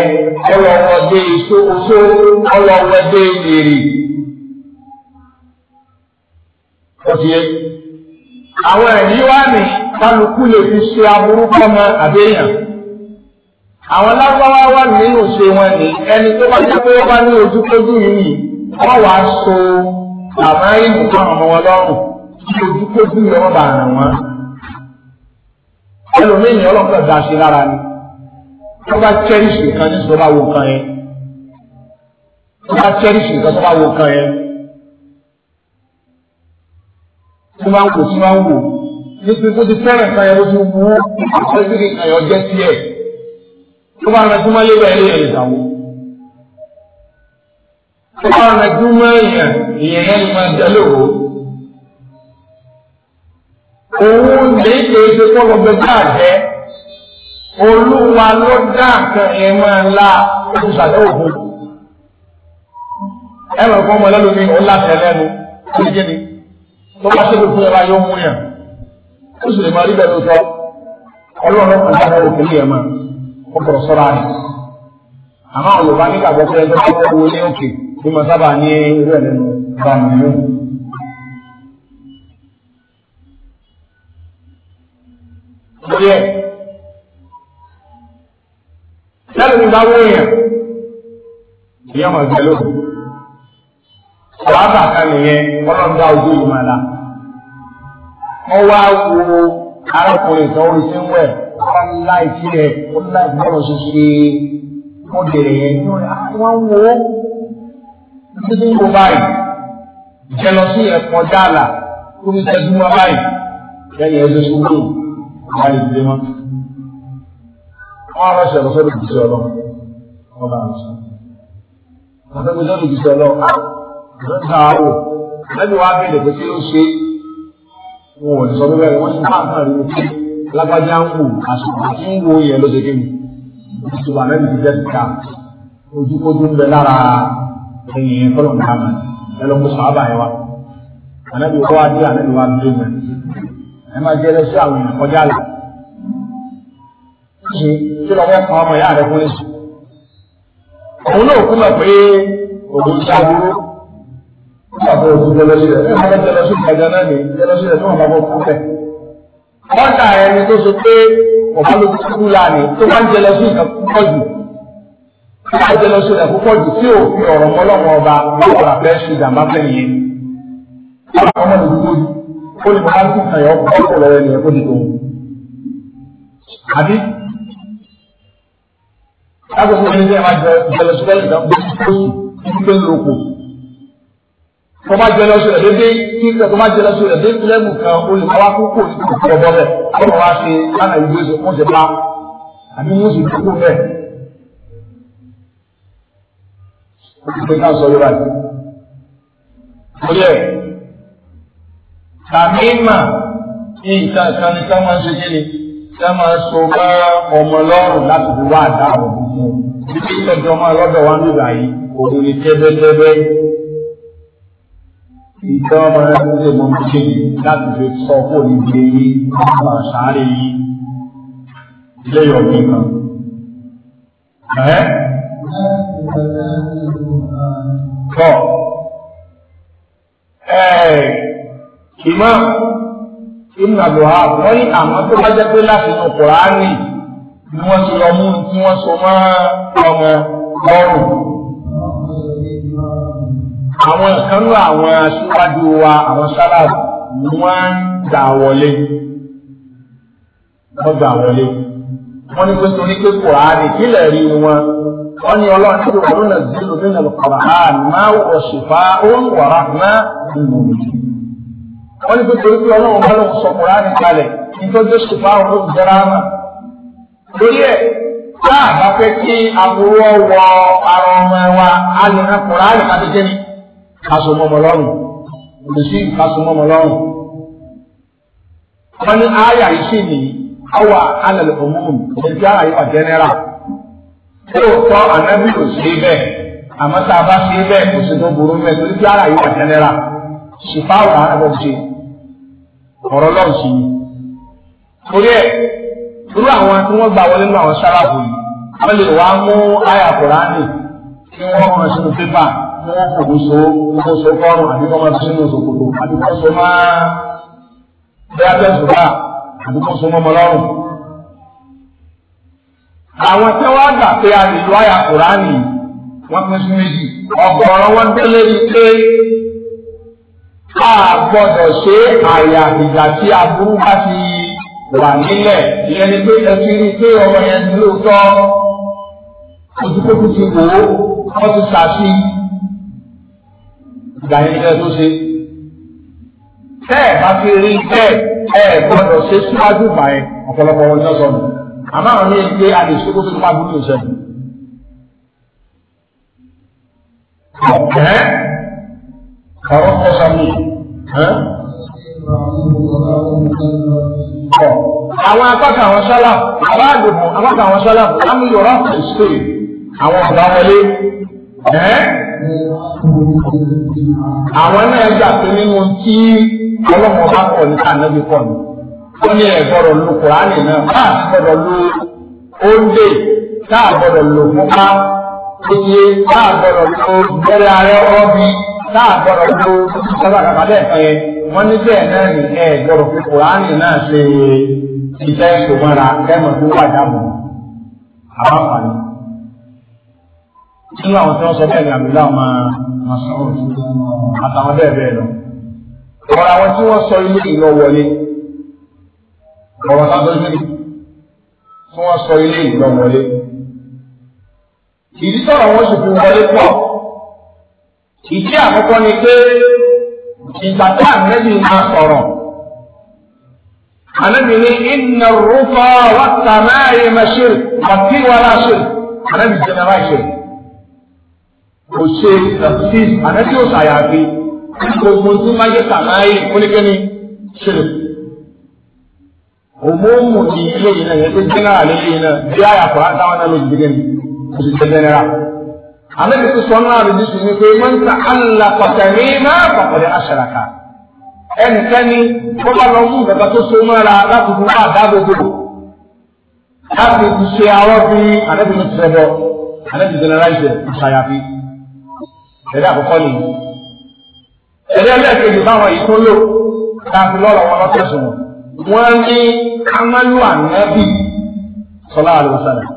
ọlọ ọdẹ ìṣókòṣó ọlọ ọdẹ ìyèrè. Ọ̀dìyẹ àwọn ẹ̀rí wá ní kálukú lè fi ṣe aburú kọ́mọ àbẹ́yàn àwọn lágbáwá wà nínú ṣe wọn ni ẹni tó bá jẹ́ pé ó bá ní ojúkójú yìí wọ́n wàá so àmọ́ ìbùkún àwọn ọmọ ọlọ́run kí ojúkójú yìí wọ́n bá ràn wọ́n. ẹlòmíì ni ọlọ́pàá dá sí lára ni tó bá cherish nǹkan ní sọ́ba wo nǹkan yẹn tó bá cherish nǹkan sọ́ba wo nǹkan yẹn tó bá ń wò tó bá ń wò ní pípé tó ti fẹ́ràn nǹkan yẹn ó ti wú ó ti rí nǹkan yẹn ọjẹ́ sí ẹ̀ tó bá rẹ súnmọ́ lé bẹ́ẹ̀ ní ìyàwó tó bá rẹ súnmọ́ èèyàn èèyàn yẹn ni máa jẹ lóko òun lè ṣe é ṣe kọ́ lọ bẹ bá jẹ́ olúwa ló dá nǹkan yẹn máa la oṣù sàdéhùn fún ẹ lọ fún ọmọ ẹlẹ́nu ó láṣẹ lẹ́nu ó lè jẹ́ tó bá ṣe fún ẹra yóò mú yàn ó sì lè máa rí bẹ́ẹ̀ lóòótọ́ ọlọ́run kò sáré òkèlè yẹn máa ó kọ̀rọ̀ sọ́ra rẹ̀ àmọ́ àwọn Yorùbá nígbàgbọ́ pé ẹgbẹ́ ọkọ̀ owó ní òkè bí mo sábà ní irú ẹ̀ lẹ́nu bá mi lónìí. lórí ẹ̀ lẹ́nu ní báwo èèyàn ìyá ọmọ ìgbẹ́ lónìí wàhálà kan nìyẹn ọlọ́dún ojú ìmọ̀ àlà wọ́n wá wo arákùnrin tó ń sin wẹ̀ ara ńlá ìfi rẹ̀ ó ńlá ìgbọ́rọ̀ ṣe ṣe wọ́n bẹ̀rẹ̀ yẹn ní wọ́n wo títí ń wo báyìí jẹlọsí ẹ̀kọ́ dáàlà tó ń tẹ́jú wọn báyìí lẹ́yìn ẹjọ́ sókè ọ̀gá ìdílé wọn. wọ́n á rọ̀ ṣẹ̀rọ̀ sọ́dọ̀ ìdílé ọlọ́run wọ́n bá wọn sọ. wọ́n tẹ́jú sọ́dọ̀ ìdílé ọlọ́run á ìdílé ń ta àwọ̀ lẹ́nu wa bẹ̀rẹ̀ pé kí ló ṣe wọn ò sọ bẹ́ẹ̀ wọ́n ti máa ń kàn rí wọn lágbájá ń wò àsùnwò tí ń wo yẹn ló ṣe kéwì àsùnwò àlẹ́bí ti jẹ́ kíkà ojúkójú ń bẹ lára ẹ̀yìn kọ́lọ̀ náà mọ̀ ẹ lọ́kọ́ sàábà yẹn wa àlẹ́bí wọ́n wá dé àlẹ́bí wa dé mọ̀ ẹ máa jẹ́ lẹ́sẹ̀ àwọn èèyàn kọjá là ṣe kí lọ́wọ́ kan ọmọ ìyá rẹ̀ kúnlẹ̀ sùn òun náà kú mọ̀ pé òun ṣàbúrú nígbà tó o ti jẹ lọ sílẹ̀ ẹ máa jẹ lọ sílẹ̀ gan ni jẹ lọ sílẹ̀ tó wọn bá bọ́ kú bẹ́ẹ̀ bọ́tà ẹni tó sọ pé ọba ló kúkú láàánú tó bá ń jẹ lọ sí ìkan púpọ̀ jù tó bá ń jẹ lọ sí ìkan púpọ̀ jù tí òfin ọ̀rọ̀ mọ́lọ́mọ ọba ọ̀rọ̀ àfẹ́ ṣe ìjàmbá fẹ́ yẹn. àwọn ọmọ mi dúró ó ní bọ́lá sí ìkan yọ̀ ọ̀pọ̀ lọ́wọ́ ẹni ẹ̀kọ́ dìbò. àbí lágbègbè ẹni tí ẹ máa jẹ lọ sí ìkan púpọ̀ jù tọ́ba jẹ lọ́sọ rẹ̀ dédé kíkẹ́ tọ́ba jẹ lọ́sọ rẹ̀ dédé lẹ́mù kan olùkọ́wá kókó ìdíkọ̀ tó bọ́ bẹ́ẹ̀ àwọn wa ṣe lánàá ìlú èso wọ́n ṣe bá àbí wọ́n sì dúró bẹ́ẹ̀. ó ti pé káà sọ yóò báyìí. torí ẹ̀ tàbí mà ní nǹkan kan ní ká máa ń ṣe kí ni ká máa so bá ọmọ lọ́rùn láti fi wá àdáàbò fún un. bí kí ìtọ́jú ọmọ ọlọ́dọ̀ wa ń lù nǹkan ọmọ rẹ ló lè mọ ṣe láti fi sọ kó ní gbé yín nípa àṣàárẹ̀ yín lẹ́yọ̀ nìkan. Tọ́ ìmọ̀ ìmọ̀lùwà wọ́n ní àmọ́ tó bá jẹ́ pé láti inú Kùránì ni wọ́n ti lọ mú tí wọ́n so mọ́ ọmọ lọ́rùn àwọn ìkanú àwọn aṣíwájú wa àwọn sálàbù ni wọ́n gbà wọlé wọ́n gbà wọlé wọ́n ní pẹ́sẹ́ oníké kùránì kílẹ̀ rí wọn wọ́n ní ọlọ́run tí wọ́n lọ́nà dínú nínú kùránì máa wọ̀ ṣùfà ó ń wọ̀rà náà nínú òjì wọ́n ní pẹ́sẹ́ oníké ọlọ́run bá lọ́wọ́ sọ kùránì kalẹ̀ nítorí ṣùfà ó ń jẹrà náà lórí ẹ̀ tá bá fẹ́ kí aburú ọwọ́ ara ọmọ wa á lè rán kùránì kàdéjẹ́ kásùmọ́mọlọ́rùn olùsí kásùmọ́mọlọ́rùn. wọ́n ní àyà iṣẹ́ nìyí awà alẹ́ òmùm ẹ̀jẹ̀ àyè wà jẹ́nẹ́rà. lóòótọ́ ànábì kò sí bẹ́ẹ̀ àmọ́ tá a bá sí bẹ́ẹ̀ kò sí tó burú bẹ́ẹ̀ torí pé àyà wà jẹ́nẹ́rà. sùpáwà àbọ̀jẹ̀ ọ̀rọ̀ lọ́rùn sí i. torí ẹ̀ irú àwọn tí wọ́n gbà wọlé nínú àwọn sáráàbù yìí wọ́n lè wá mú àyà kùránì kí wọ́n rán sínú pépà bóyá ṣàkóso kó so fọ́ọ̀rùn àbí kó máa sínú ṣòkòtò àbí kó so máa bóyá tẹ̀sùn bá àbí kó so mọ́mọ́ lọ́rùn. àwọn tí wọ́n gbà pé a lè lo àyà kùránì wọ́n pín sí méjì ọ̀gọ̀ọ̀rọ̀ wọn délé ike a gbọ́dọ̀ ṣe àyà ìgbà tí aburú bá ti wà nílẹ̀ ìyẹn ni pé ẹ ti rí i pé ọmọ yẹn ti lóòótọ́ ojú ti wò ó wọ́n ti ṣàfihàn ìgbà yẹn kẹ́ ẹ tó ṣe. tẹ́ ẹ bá fi rí bẹ́ẹ̀ ẹ gbọ́dọ̀ ṣe síwájú ìgbà yẹn ọ̀pọ̀lọpọ̀ wọn ní ọ̀sán mi àmọ́ àwọn ní pé a lè ṣókó tó má burú ìṣẹ́ni. ọ̀pẹ́ ọ̀rọ̀ kọ́ sami àwọn apáka àwọn sálà àwọn àgbègbè apáka àwọn sálà àmúyọ̀rọ̀ ìṣòro àwọn ọ̀gá wọlé àwọn náà gbà pé nínú tí ọlọ́pàá bá kọ̀ ní ànábi kọ̀ ní. wọ́n ní ẹ̀gbọ́dọ̀ lu kùránì náà ká gbọ́dọ̀ lu oúnjẹ ká gbọ́dọ̀ lu mọ́ká iye ká gbọ́dọ̀ lu bẹ́rẹ̀ arẹ́ ọ́bí ká gbọ́dọ̀ lu sábà kàkàdé ẹ̀ wọ́n ní bẹ́ẹ̀ náà ní ẹ̀ gbọ́dọ̀ fi kùránì náà ṣe iṣẹ́ ìṣòmọ́ra kẹ́mọ̀ tó wà dáàbò àwọn àǹfààní nínú àwọn tí wọ́n sọ bẹ́ẹ̀ ni àbúlá ọmọ àṣàwọ̀ àtàwọn bẹ́ẹ̀ bẹ́ẹ̀ lọ. ọ̀rọ̀ àwọn tí wọ́n sọ ilé ìlọ wọlé ọ̀rọ̀ tá a lójú tí wọ́n sọ ilé ìlọ wọlé. ìdí sọ̀rọ̀ wọn sì fi wọlé pọ̀. ìdí àkọ́kọ́ ni pé ìgbà tá àmẹ́bí máa sọ̀rọ̀. àlẹ́bí ni iná rúfọ́ wọ́n tàmáyé mẹ́ṣẹ́ àti wàlá ṣe àlẹ́bí jẹ́ kò ṣe tafsir àtẹ́tí ò ṣàyàfi gbogbo tí máa yẹ sàmáyé oníkẹ́ni ṣẹlẹ̀. òmùmù ní ilé yìí náà yẹn tó jẹ́nẹ́rà ní ilé yìí náà bí àyàfọ́ àtàwọn náà ló ti dégé ni kò sì jẹ́ jẹ́nẹ́rà. àtẹ́tí tó sọ náà lójú sí ni pé wọ́n ta àlà pàtàkì máa pàpàdé àṣàràkà. ẹnikẹ́ni tó bá lọ mú ìgbàgbọ́ tó so mọ́ra láti fún wa dáàbòbò láti ṣe àwọn fi àtẹ́tí mi ti ẹ̀rí àkọ́kọ́ ni ẹ̀rí ẹlẹ́ẹ̀kejì báwọn yìí tó lò láti lọ́rọ̀ wọn lọ́sẹ̀sùn wọn ní kámálù ànábì sọlá àlùsàlẹ̀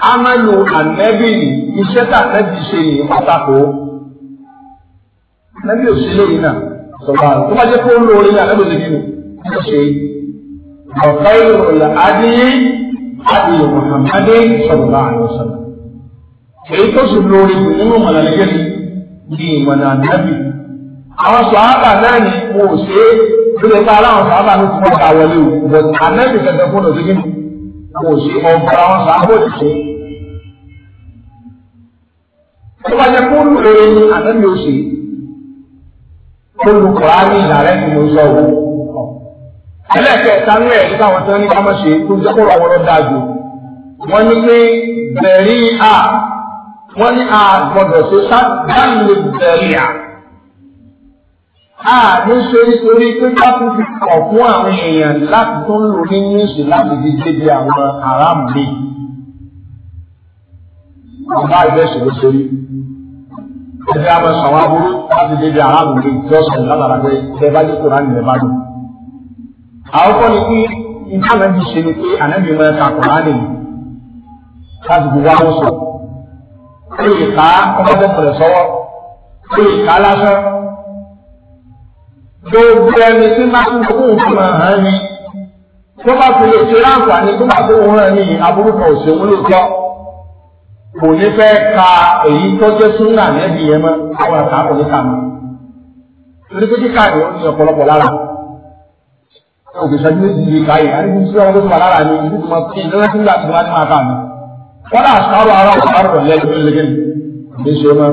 kámálù ànábì iṣẹ́ tà nẹ́bì ṣe ní pátákó nẹ́bì ò sí lórí náà sọlá àlùsàlẹ̀ tó bá jẹ́ kó lórí náà nẹ́bì ò sí kí ni ó ṣe ọ̀fẹ́ ìròyìn adìyí adìyí Muhammadu sọlá àlùsàlẹ̀ èyí tó sì lórí nínú mọ̀lẹ́lẹ́gẹ́sì ní ìmọ̀nà ànábì. Àwọn sọ̀hábà náà ní mo ò ṣe é bí lè pa aláwọn sọ̀hábà ló ti mọ̀ta wọlé o. Bọ̀ ànábì kẹ̀kẹ́ fún òde nínú. Mo ò ṣe ọgbà àwọn sọ̀hábà ò ti ṣe. Tó bá jẹ́ kó lè ànábì ó ṣe. Olùkọ́ á ní ìyàrá ẹni mo sọ o. Ẹlẹ́kẹ̀ẹ́ta ń rẹ̀ nípa àwọn tí wọ́n ní ká má ṣe tó jẹ́ kó lọ́wọ́ wọ́n ní àgbọ̀dọ̀ tó sábàlù bẹ̀rẹ̀ à ní ṣe nítorí pé káàkó fi kọ̀ fún àwọn èèyàn láti tó ń lò ní níṣì láti fi débi àwọn aráàmù mi. Bàbá ìbẹ́sẹ̀ ló ṣe rí. Ẹgbẹ́ àmọ́ sọ̀rọ̀ aburú láti débi aráàmù mi lọ́sàn-án lábàrá pé ẹ bá dínkù ránì lẹ́ bá lò. Àwọn kọ́ ni pé ìdáná ti ṣe ni pé ànábìmọ̀ ẹ̀ka kọ̀ láàrin láti fi wá wọ́n sọ̀rọ̀ ó lè ká ọmọ tó pẹ̀lẹ́ sọ́wọ́ ó lè ká lásán. gbogbo ẹni tí máa ń kó nǹkan máa hàn ní tó bá fi lè ṣe láǹfààní tó bá tó wọn hàn ní aburú kan òṣèlú lóòótọ́ kò ní fẹ́ ka èyí tó jẹ́ súnà lẹ́bi yẹn mọ́ àwọn àtàwọn kò ní kà mọ́. torí pé kíkà ni ó ní ọ̀pọ̀lọpọ̀ lára òkè sọ́jú méjì yìí káyè àdéhùn sí ọmọ tó wà lára ni ìdúkùmọ̀ kí ìdánwò tó ń gbà tó wá ní máa kà mọ́ wọ́n náà sọ̀rọ̀ ara wọn bá rọ̀ lẹ́yìn lẹ́gẹ́ni ní ṣe mọ́.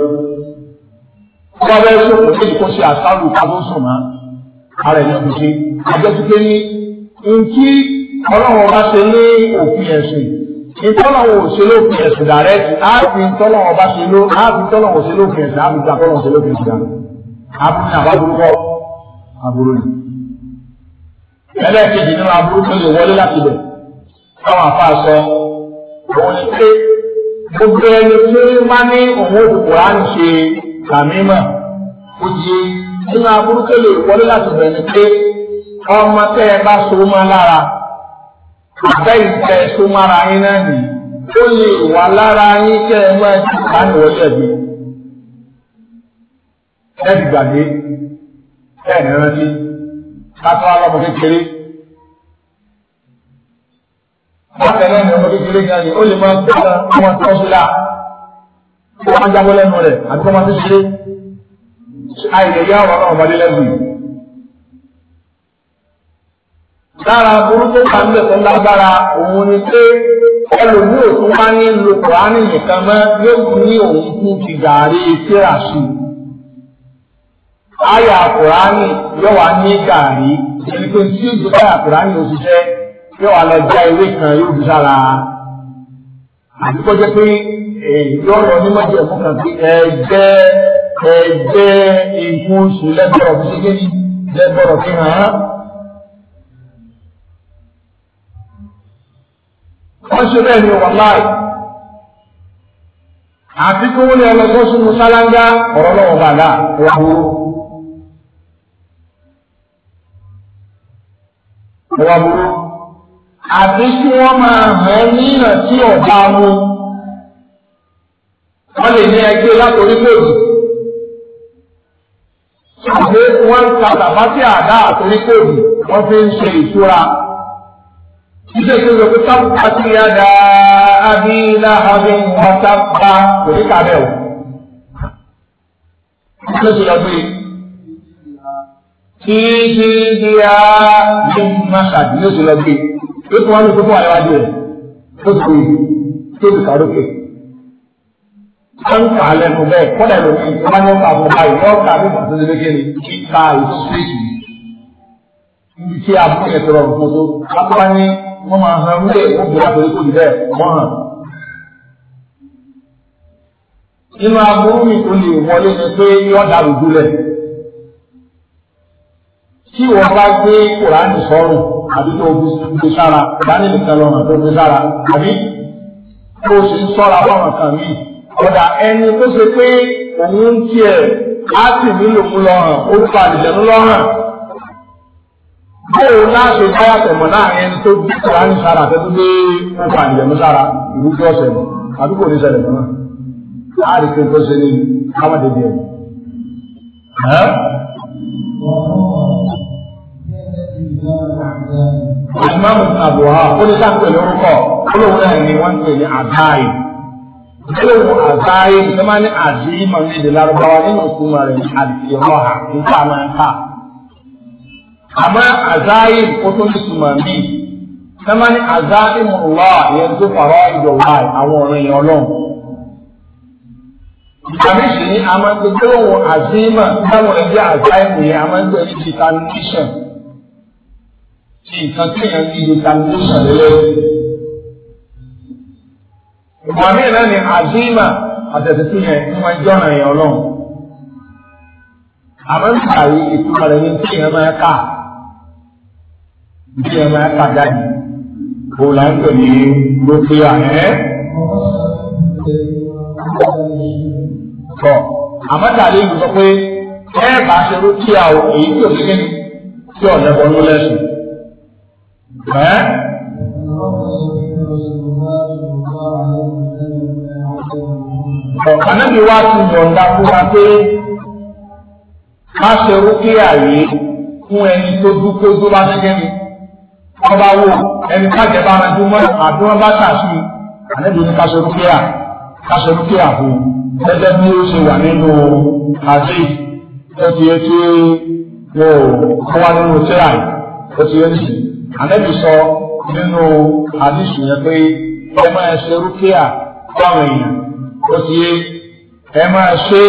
wọ́n bẹ́ẹ̀ sọ pé kéjì kó ṣe àṣàrò kábó sọ̀mọ́ ara ẹ̀ ní kò ṣe àjọṣepé ní nkí ọlọ́run bá ṣe ní òfin ẹ̀sìn ìtọ́lọ́wọ̀ ṣe lófin ẹ̀sìn dàrẹ́ ààbí ìtọ́lọ́wọ̀ bá ṣe ló ààbí ìtọ́lọ́wọ̀ ṣe lófin ẹ̀sìn ààbí ìtọ́lọ́wọ̀ ṣe lófin ẹ̀sìn dàrẹ́ ààbí ní àbábúrúkọ àbúrò ni. ẹlẹ́ẹ̀kejì nínú àbúrú tó lè wọlé láti bẹ̀ táwọn àfa sọ ó ń ṣe gbogbo ẹni tí má ní òun òkùnkùn á ń ṣe kàmímà ó yé nínú aburúkú lè wọlé láti bẹ̀rẹ̀ pé ọmọ tẹ́ ẹ bá so mọ́ lára àbẹ́ ìtẹ́ so mọ́ra yín náà nìyí ó lè wà lára yín kẹ́ ẹ máa ti kánú ọ̀sẹ̀ bí ẹ ti gbàgbé ẹ ní rántí ká tó wá kékeré bákẹ́lẹ́ ní ọmọ kékeré kan ní ó lè máa gbọ́dọ̀ ọmọ tó ṣe là kó máa jábọ́ lẹ́nu rẹ̀ àti kó máa fi ṣeré àìlèyá ọ̀rọ̀ náà ọmọdé lẹ́nu yìí. lára burúkú kàmílẹ̀ tó lágbára òun ni pé ẹlòmíì ò tún wá ní lu kùránì nìkan mọ́ yóò fún ní òun kú ti gàárì kíra sí i. àyà kùránì yóò wá ní gàárì èyí tó ń tí òṣìṣẹ́ yóò wá lọ já ewé kan yóò fi sára àti kó jẹ́ pé yóò lọ ní mọ́jọ́ ẹ̀fọ́ kan pé ẹ̀jẹ̀ ẹ̀jẹ̀ nǹkan oṣù lẹ́gbọ̀rọ̀ fi ṣe kéde lẹ́gbọ̀rọ̀ fi hàn án. wọ́n ṣe bẹ́ẹ̀ ni wàláì àti kí wọ́n lè lọ sọ́sùn mùsálánga ọ̀rọ̀ lọ́wọ́ bàdá wàhúrú. wàhúrú àbí kí wọ́n máa hàn ní ìràn tí ọ̀gá wọn. Wọ́n lè ní ẹgbẹ́ látòrí lòdì. Àbí wọ́n ń ta tàbátì àdá àtòrí lòdì, wọ́n fi ń ṣe ìtura. Iṣẹ́ tó lọ pé sábà ti yá da Abí Láhàbí ọ̀tá òní kàbẹ̀ o. Iṣẹ́ tó lọ pé kí kí kí á ní máa ṣàdúró tó lọ pé ó tún wá ní gbogbo àyà díẹ̀ tó sì gbé tó sì kàrókè. wọ́n ń kà á lẹ́nu bẹ́ẹ̀ kọ́dà ló ní wọ́n ní ọkọ̀ àbọ̀ báyìí wọ́n kà á ní pàtó ní kékeré kí ká ìtúsíwèsì níbi tí àbúrò yẹn tọrọ nǹkan tó akọ́wá ní wọ́n máa hàn wúlé òbúra pẹ̀lú kò ní bẹ́ẹ̀ wọ́n hàn. inú aburú mi tó lè wọlé ni pé yọ̀ọ́ dàrú dúlẹ̀ tí wọ́n bá gbé kùránì sọ́rùn àbí tó gbé sára kùránì nìkan lọ́nà tó gbé sára àbí tó sì ń sọ́ra fáwọn kan mí. ọ̀dà ẹni tó ṣe pé òun ń tiẹ̀ á sì nílò fún lọ́rùn ó fa àdìjẹ́nu lọ́rùn. bóò náà ṣe báyà tẹ̀mọ̀ náà ẹni tó gbé kùránì sára àti tó gbé ó fa àdìjẹ́nu sára ìlú tí ọ̀sẹ̀ mọ̀ àbí kò ní ṣẹlẹ̀ mọ́. láàrin pé tó ṣe ní káwọn dèbí ẹ̀. Àdìmọ́mù àbùhá ó lè dá pẹ̀lú orúkọ olóhùn náà ni wọ́n ń pè ní àdáyé. Olóhùn àdáyé ló máa ní àdìmọ̀ ní èdè lárúbáwá nínú ìtumọ̀ rẹ̀ àdìmọ́ha nípa máa ń kà. Àmọ́ àdáyé ó tó ní ìtumọ̀ míì. Ló máa ní àdáyé mùrùwá ìyẹn tó fàrọ̀ ìjọba àwọn ọ̀rẹ́ yẹn ọlọ́run. Ìgbàmísì ni a máa ń gbé gbólóhùn àdìmọ̀ táwọn ẹgbẹ́ àdáyé nìyẹn a máa nǹkan tí èèyàn fi determination lélẹ́yìn. ìgbà míì náà ni àdúrà àtẹ̀tẹ̀tẹ̀ yẹn ń wọ́n jọ́ ọ̀nà èèyàn lọ́wọ́. àmọ́ ń pààyè ìtumọ̀ rẹ̀ ní tí èèyàn máa kà tí èèyàn máa kà jáde. kò là ń pè ní gbogbo àná. tọ́ àmọ́ tàbí sọ pé ẹ bá ṣe rú kí a èyí tó ṣe kí ọ̀nà ẹ̀bọ̀n ló lẹ́sùn. Ànábì wá ti yọ̀ǹda fúnra pé má ṣe rúkìá yìí fún ẹni tó dúpẹ́ tó bá ṣe kẹ́mi. Wọ́n bá wò ẹni kájẹ̀ bá rẹ̀ dúmọ́ àdúrà bá ṣàṣì. Ànábì ní ká ṣe rúkìá ká ṣe rúkìá fún gẹ́gẹ́ bí ó ṣe wà nínú àti ẹtì ẹtì wọ́n wá nínú tíra yìí ẹtì ẹtì ànábì sọ nínú àdìsù yẹn pé ẹ máa ṣe rúkìá fáwọn èèyàn ó ti yé ẹ máa ṣe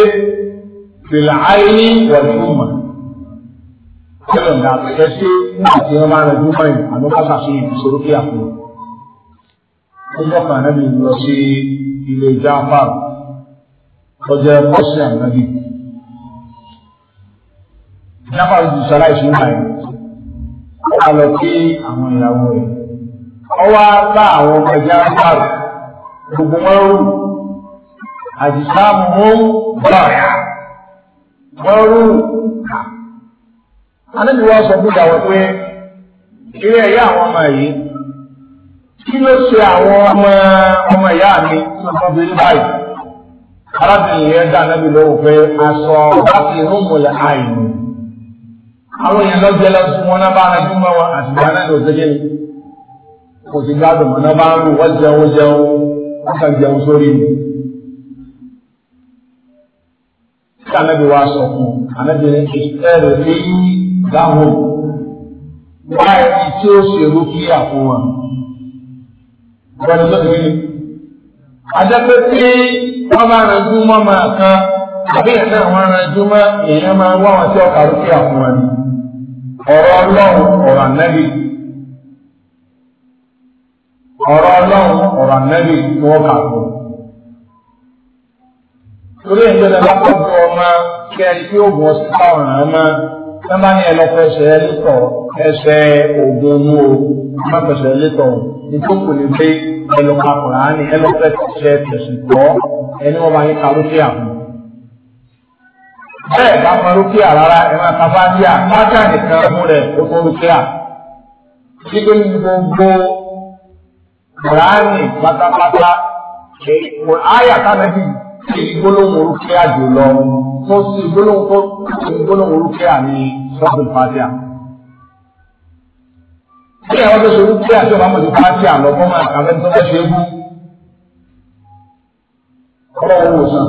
fìlà áyé wọ̀lúùmọ̀ kílò ní àpẹẹrẹ sí nígbà tí wọ́n bá rẹ̀ dúró báyìí àbí bá ṣàfihàn ṣe rúkìá fún un. ó lọ́kàn ànábì lọ sí ilé jáfàr ọjọ́ pọ́sì ànábì jáfàr ti sọ láìsí náà yìí ọba lọ sí àwọn ìyàwó rẹ̀ ọwọ́ bá àwọn ọmọ ẹ̀jẹ̀ àpárò gbogbo wọn rú àdìsá mú bàrà wọn rú anábìwọ́ sọ fún ìyàwó pé ilé ẹ̀yà àwọn ọmọ yìí kí ló ṣe àwọn ọmọ ọmọ ìyá mi ọmọbìnrin báyìí arábìnrin yẹn dá anábì lọ́wọ́ pé aṣọ láti rúmùlẹ̀ àìní àwọn èèyàn lọ jẹ lọsùn wọn náà bá ara jù mọ wọn àti ìgbà náà ló ṣe kíni kò sì gbádùn mọ náà bá ń rù wọn jẹun jẹun wọn kàn jẹun sórí mi. kanabi wa sọ fún anabi ẹrẹ léyìn dáhùn báyìí tí ó ṣe rúkìá fún wa. lọ sí kíni. adẹ́pẹ́ tí wọ́n bá rẹ̀ dún mọ́mọ́ kan àbí ìyàtọ̀ àwọn aranjú mọ́ èèyàn máa ń wá wọn sí ọkà lókè àfún wọn ọ̀rọ̀ ọlọ́run ọ̀rọ̀ ànábì ọ̀rọ̀ ọlọ́run ọ̀rọ̀ ànábì tí wọ́n kà fún un torí ẹgbẹ́ náà lápapọ̀ ọmọ kí ẹni tí ó bọ̀ sí táwọn ọmọ náà bá ní ẹ lọ fẹsẹ̀ lítọ̀ ẹsẹ̀ ogun mú o má fẹsẹ̀ lítọ̀ ìjókòó ní pé ẹ lọ kakùnrin àní ẹ lọ fẹsẹ̀ tẹ̀sùn tọ́ ẹni wọn bá yín kalókè àfún bẹ́ẹ̀ bá mọ rúkìá rárá ẹ máa ka fáńdíà fáńdíà nìkan fún rẹ̀ oko rúkìá. Gbígbé gbogbo Kùránì pátápátá àyà tábẹ́bí ti gbólóhùn rúkìá jù lọ tó sì gbólóhùn tó ti gbólóhùn rúkìá ní sọ́ọ̀bù fáńdíà. Bí àwọn tó ṣe rúkìá tí ọba mọ̀jú fáńdíà lọ fún àwọn àkàlẹ́ tó fẹ́ ṣe é bú. Ọlọ́wọ́ wò sàn.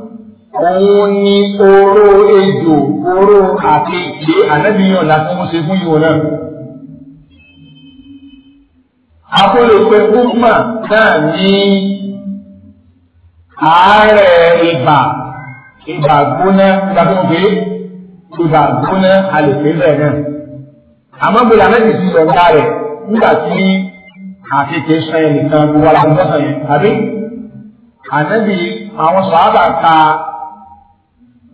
òun ni oró ejò oró àti ìgbé ànábìyàn làtún ó ṣe fún yìí náà. Akólópe Ugma náà ní àárẹ̀ ibà ibà gbóná ibà tó ń gbé ibà gbóná àlèké bẹ́ẹ̀ náà. Àmọ́ gbèrè ànábì ti sọ̀rọ̀ ká rẹ̀ nígbà tí àkekèé sọ ẹnìkan gbogbo ara ló sọ yẹn tàbí ànábì àwọn sọ̀rọ̀ àbàká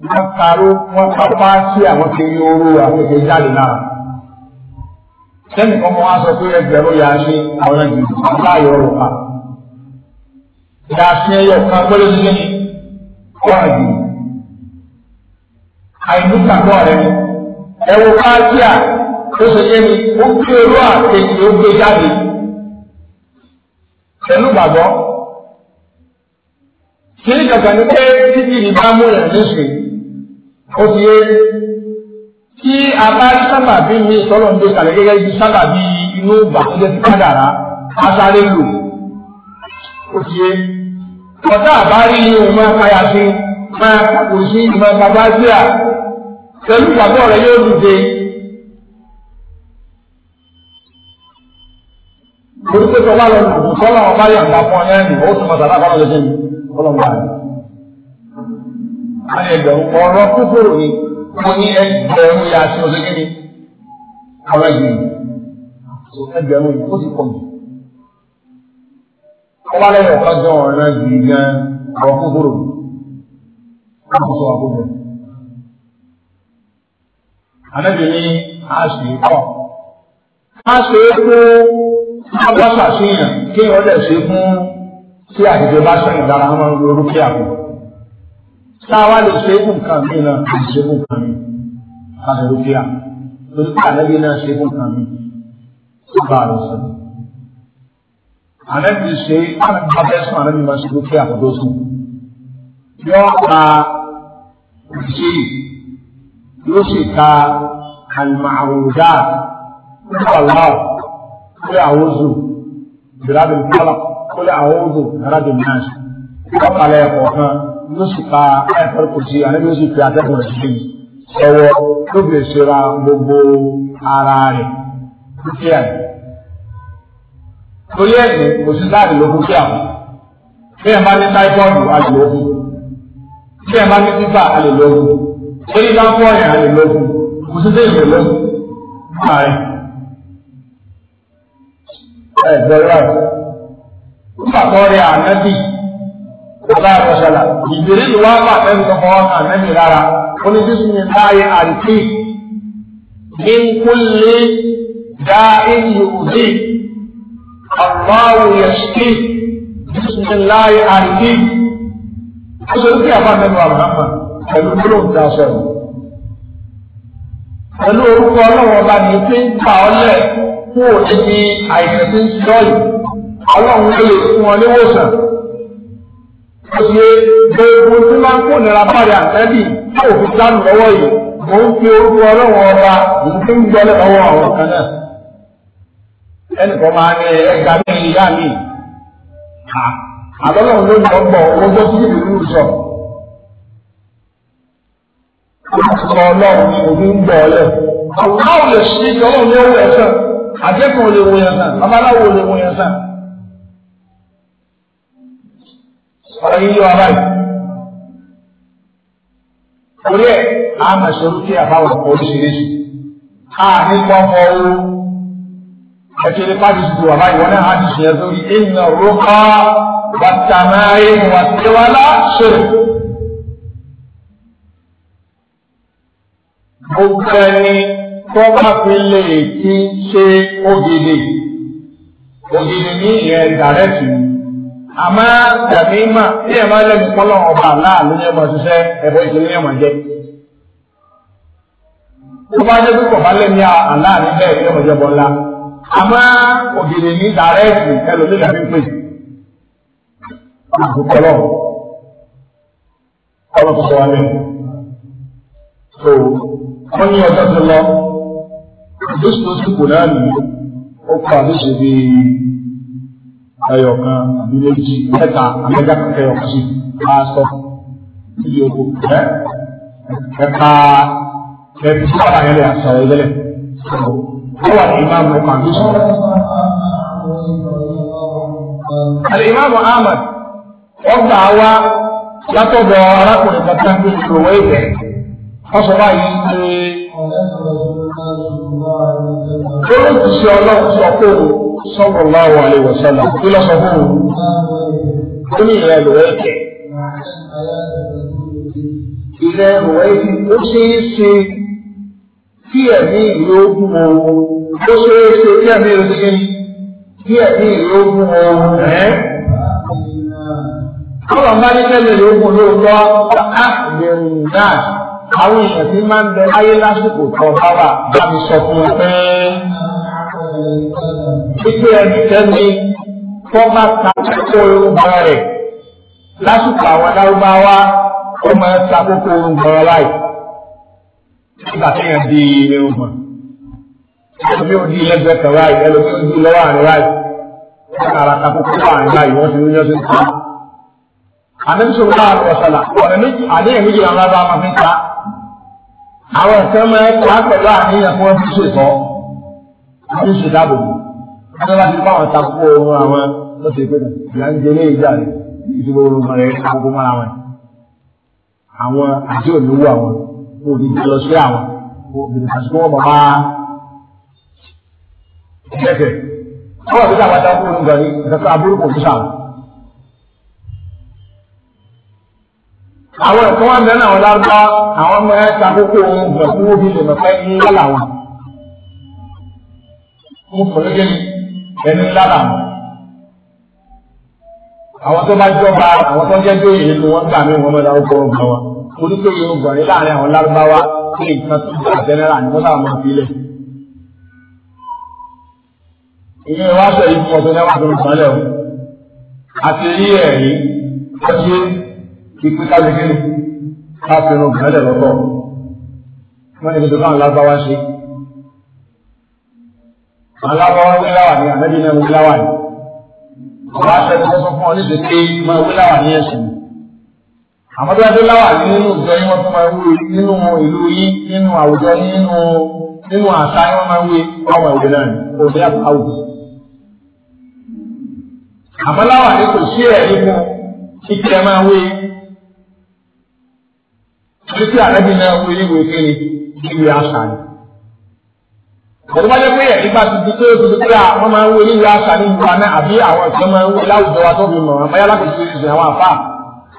wọ́n taró wọ́n pápá sí àwọn kiri ooru àwọn èdè jáde náà. sẹ́yìn kankan wá sọ pé ẹgbẹ̀rún yà á ṣe àwọn ẹgbẹ̀rún àbúrò ayọ̀ ọ̀rọ̀ kan. yà á fi ẹyọ kan gbọ́dọ̀ sí ní wọ́n àgbè. àìníkàgbọ́ rẹ̀ ni ẹ wo káàkiri ó ṣe yé mi ó gbé orú àtẹ̀yìn ó gbé jáde. pẹ̀lú gbàgbọ́ kí ní kankan ní pé títí ìbámu rẹ̀ lóṣù yìí ó ti yé kí a bá sábàbí mi sọ́lọ́ ń gbé kalẹ̀ gẹ́gẹ́ bí sábàbí inú bàtúndé ti kádàrá asáré lò ó ti yé ọ̀tá àbárí ni òun máa káyà sí máa kò sí ìmọ̀ bàbá síra pẹ̀lú ìgbàgbọ́ rẹ̀ yóò dìde. Orí pé sọ wá lọ lùkù sọ́lọ́ ọ̀bá yàgbà fún ọyẹ́ nì, ó sì mọ̀ sàdá fọ́lọ́ lọ́jọ́ ni, ọlọ́mọ àná ẹgbẹ̀rún ọ̀rọ̀ kúkúrò ni mo ní ẹgbẹ̀rún ya sí ọ̀sẹ̀ kí ni àwọn ẹgbẹ̀rún ẹgbẹ̀rún yìí ó ti pọ̀ jù. ọba lẹ́yìn ọ̀pá jọ ọ̀rọ̀ yìí gan ọ̀rọ̀ kúkúrò láti sọ àkójọ. ànábì ní àṣì kọ́ a ṣe é fún ọba ṣàṣeyàn kí ọdẹ ṣe fún tí àtijọ́ bá ṣàyìn dára wọn lórúkẹ́ àkókò táwa lè ṣe fún mi náà kò ṣe fún mi kàdúrófíà lórí ànábì náà ṣe fún mi tó bá a lọ sọ. ànábì ṣe ànábì bá fẹ́ máa ṣe lókè àkọ́dọ́ sùn. yóò ka òṣì yóò sì ka àlùmáàwòdà kúlọ̀láwò kúlẹ̀ àwòzù bìrádìmí kúlẹ̀ àwòzù bìrádìmí náà ṣe. wọ́n ẹ̀kọ́ kan ló sì ka ẹ̀fọ́ kò sí ànábi ó sì fi atẹ́kùn rẹ̀ sí ọwọ́ tó fi ṣera gbogbo ara rẹ̀ kúkẹ́ ẹ̀. torí ẹ̀sìn kò sí láàrin ló kúkẹ́ àwọn bí ẹ̀ bá ní táífọ́ọ̀dù alèlógún bí ẹ̀ bá ní fífà alèlógún torí bá fọ́ ẹ̀ alèlógún kò sí déyìí lógún ààrẹ. ẹ̀ bẹ̀rẹ̀ ẹ̀ nígbà tó rí ànábì aláàkọsọlá ìbèrè yìí wá bá fẹ́ nǹkan fọwọ́ kan nẹ́bí rárá ó ní bísí ní láàyè àǹtí ní kúlé dá èyí òdì aláwọ̀ yẹ̀sìkì bísí ní láàyè àǹtí ó sọ wípé àbá nẹ́bí wàhálà mọ̀ pẹ̀lú gbólóhùn tá a sọ̀rọ̀ pẹ̀lú orúkọ ọlọ́wọ́ bá ní pé ń pa ọ́ lẹ̀ kó àìsàn tí ń sọ yìí ọlọ́run lè fún ọ níwòsàn. Oye gbogbo tí máa ń kó nira báyìí àtẹ́bì tí òfin dánù lọ́wọ́ yìí, mò ń fi orúkọ ọlọ́wọ́ ọba ìdílé ń gbọ́lẹ̀ ọwọ́ àwọn kan náà. Ẹnìkan máa ní ẹ̀ka mi ìyá mi. Àlọ́ náà ló ń lọ gbọ̀ owó tó sí ìlú sọ. Àtúntò ọlọ́run ni òbí ń gbọ̀ ọlẹ̀. Àwọn ò lè ṣí ọlọ́run ní owó ẹ̀sán. ò lè wo yẹn sàn. Babaláwo ò lè wo yẹn sàn. ọ̀rọ̀ yíyí wa báyìí. torí ẹ̀ a máa ṣerú kí àbáwọ̀ pọ̀ oríṣiríṣi a ní pọ́npọ́ owó ẹ̀kiri pàdé ti wà báyìí wọn náà á ti ṣe lórí ìnà rúkọ́ bàtàmáyé wàtíwálá ṣòro. gbogbo ẹni tó bá fi lè ti ṣe ògidì ògidì ní ìyẹn dàrẹ́tì ni àmọ́ tàbí mà ní ẹ̀ máa lẹ́nu pọ́lọ́ ọba aláàlú ní ọmọ ṣiṣẹ́ ẹ̀bọ ìṣẹ̀lẹ̀ ní ọmọ jẹ́. tó bá jẹ́ pípọ̀ bá lẹ́ni aláàlú bẹ́ẹ̀ ní ọmọ jẹ́bọ ńlá àmọ́ ògìrì ní dàrẹ́ẹ̀tì ẹlòmíì dàbí pè àkùkọ́lọ́ ọlọ́ tó sọ wá lẹ́nu. tó wọ́n ní ọjọ́ tó lọ ìdúsùn tó kù náà nìyí ó kọ́ àdúṣe bíi ẹyọ kan àbí méjì mẹ́ta amẹja kankan ẹyọ kan sí máa sọ níbi oko ẹ ẹka ẹbí tí wàá yẹn lè àṣà ẹ lẹlẹ ó wà ní ìmáàmù ẹ kàn sọ. Al-Imaamu Ahmad wọ́n gbà wá látọ̀dọ̀ arákùnrin kan tó ń gbé ìṣòwò ìfẹ́ wọ́n sọ báyìí pé olóòtú sí ọlọ́run sọ pé òun sallallahu alaihi wasallam kí lọ sọ fún un ó ní ìrẹ lọ́wọ́ ẹ̀kẹ́ ìrẹ lọ́wọ́ ẹ̀kẹ́ ó ṣeé ṣe kí ẹ̀mí ìlú ogun ooru ó ṣeé ṣe kí ẹ̀mí ìlú ṣe kí ẹ̀mí ìlú ogun ooru ẹ̀ kọ́lọ̀ bá ní kẹ́lẹ̀ ìlú ogun lóòótọ́ á lè náà àwọn èèyàn tí máa ń bẹ láyé lásìkò tó bá wà bá mi sọ fún un pé. Gbígbé ẹnikẹ́ni tó bá takókó orúkọ rẹ̀ lásìkò àwọn lárúbáwá ó máa ń takókó orúkọ láì. Nígbà tí yẹn di ilé ọmọ. Ẹlòmí ò di lẹ́gbẹ̀ẹ́ kan láì, ẹlòmí ò di lọ́wọ́ àrùn láì. Wọ́n kàrà takókó àrùn láì, wọ́n ti ní yọ́sí ń ta. Àdéhùn sọ̀rọ̀ láàrin ọ̀sẹ̀là, ọ̀nà méjì àdéhùn méjì làwọn lábá máa fi ta. Àwọn ìfẹ́ máa ń ta pẹ̀lú àníyàn tí wọ́n àwọn oṣù dáàbò bò wọn bá ti bá wọn takò ohun àwọn tó ti pé ìyá ń jẹ ní ìjà rẹ ìṣòro orun rẹ àkókò mọ́ra wọn àwọn àti òníwó àwọn kò ní jẹ lọ sí àwọn kò bìrì kàṣí kó wọn bàbá kẹ̀kẹ́ wọn àti àwọn takò ohun gàrí ìtàkùn aburú kò tó sàwọn. àwọn ẹ̀kọ́ wọn bẹ̀rẹ̀ àwọn lárúbá àwọn ọmọ ẹ̀ takò ohun gbẹ̀kú ó bí lè mọ̀ fẹ́ ń yálà wọn mo pẹ̀lú kí ni ẹni ńlá là mọ́. àwọn tó bá jọba àwọn tó jẹ́ tó yìí ni wọ́n gbà mí wọ́n mọ̀lá ọkọ̀ ọgbà wa torí pé yorùbá ní láàrin àwọn lárúbáwá ní nǹkan tó gbà jẹ́nẹ́rà ni wọ́n sábà máa fi lẹ̀. ìyẹn wá sọ yìí fún ọdún náà wà lórí ìpínlẹ̀ o àti rí ẹ̀rí ọjọ́ ìpín kábíyèsí káfíńrún ìpínlẹ̀ lọ́tọ̀ wọ́n ní kí tó káwọn lárúbáwá ṣe aláwọ̀ wíláwà ní àmẹ́bí náà wíláwà ní ọba àṣẹkọ̀ sọ fún ọ ní ṣèké máa wíláwà ní ẹ̀sìn àmọ́ bí wọ́n ti láwà nínú ìjọ yín wọ́n tún máa wúwo nínú ìlú yín nínú àwùjọ yín nínú nínú àṣà yín wọ́n máa wúwe ọmọ ìwé náà ní òbí àwùjọ. àmọ́ ní kò sí ẹ̀rí fún kíkí ẹ máa wúwe títí àrẹ́bí náà wúwe ìwé kíni ìwé àṣà ni. Bọ̀dọ̀ bá pé ẹ̀rí bá ti di pé ó àwọn máa ń wo yíyá àṣà ní ìlú àná àbí àwọn ìṣẹ́ máa ń wo láwùjọ wa tó fi mọ̀ wọn. lákòókò ìṣẹ̀ àwọn àfà.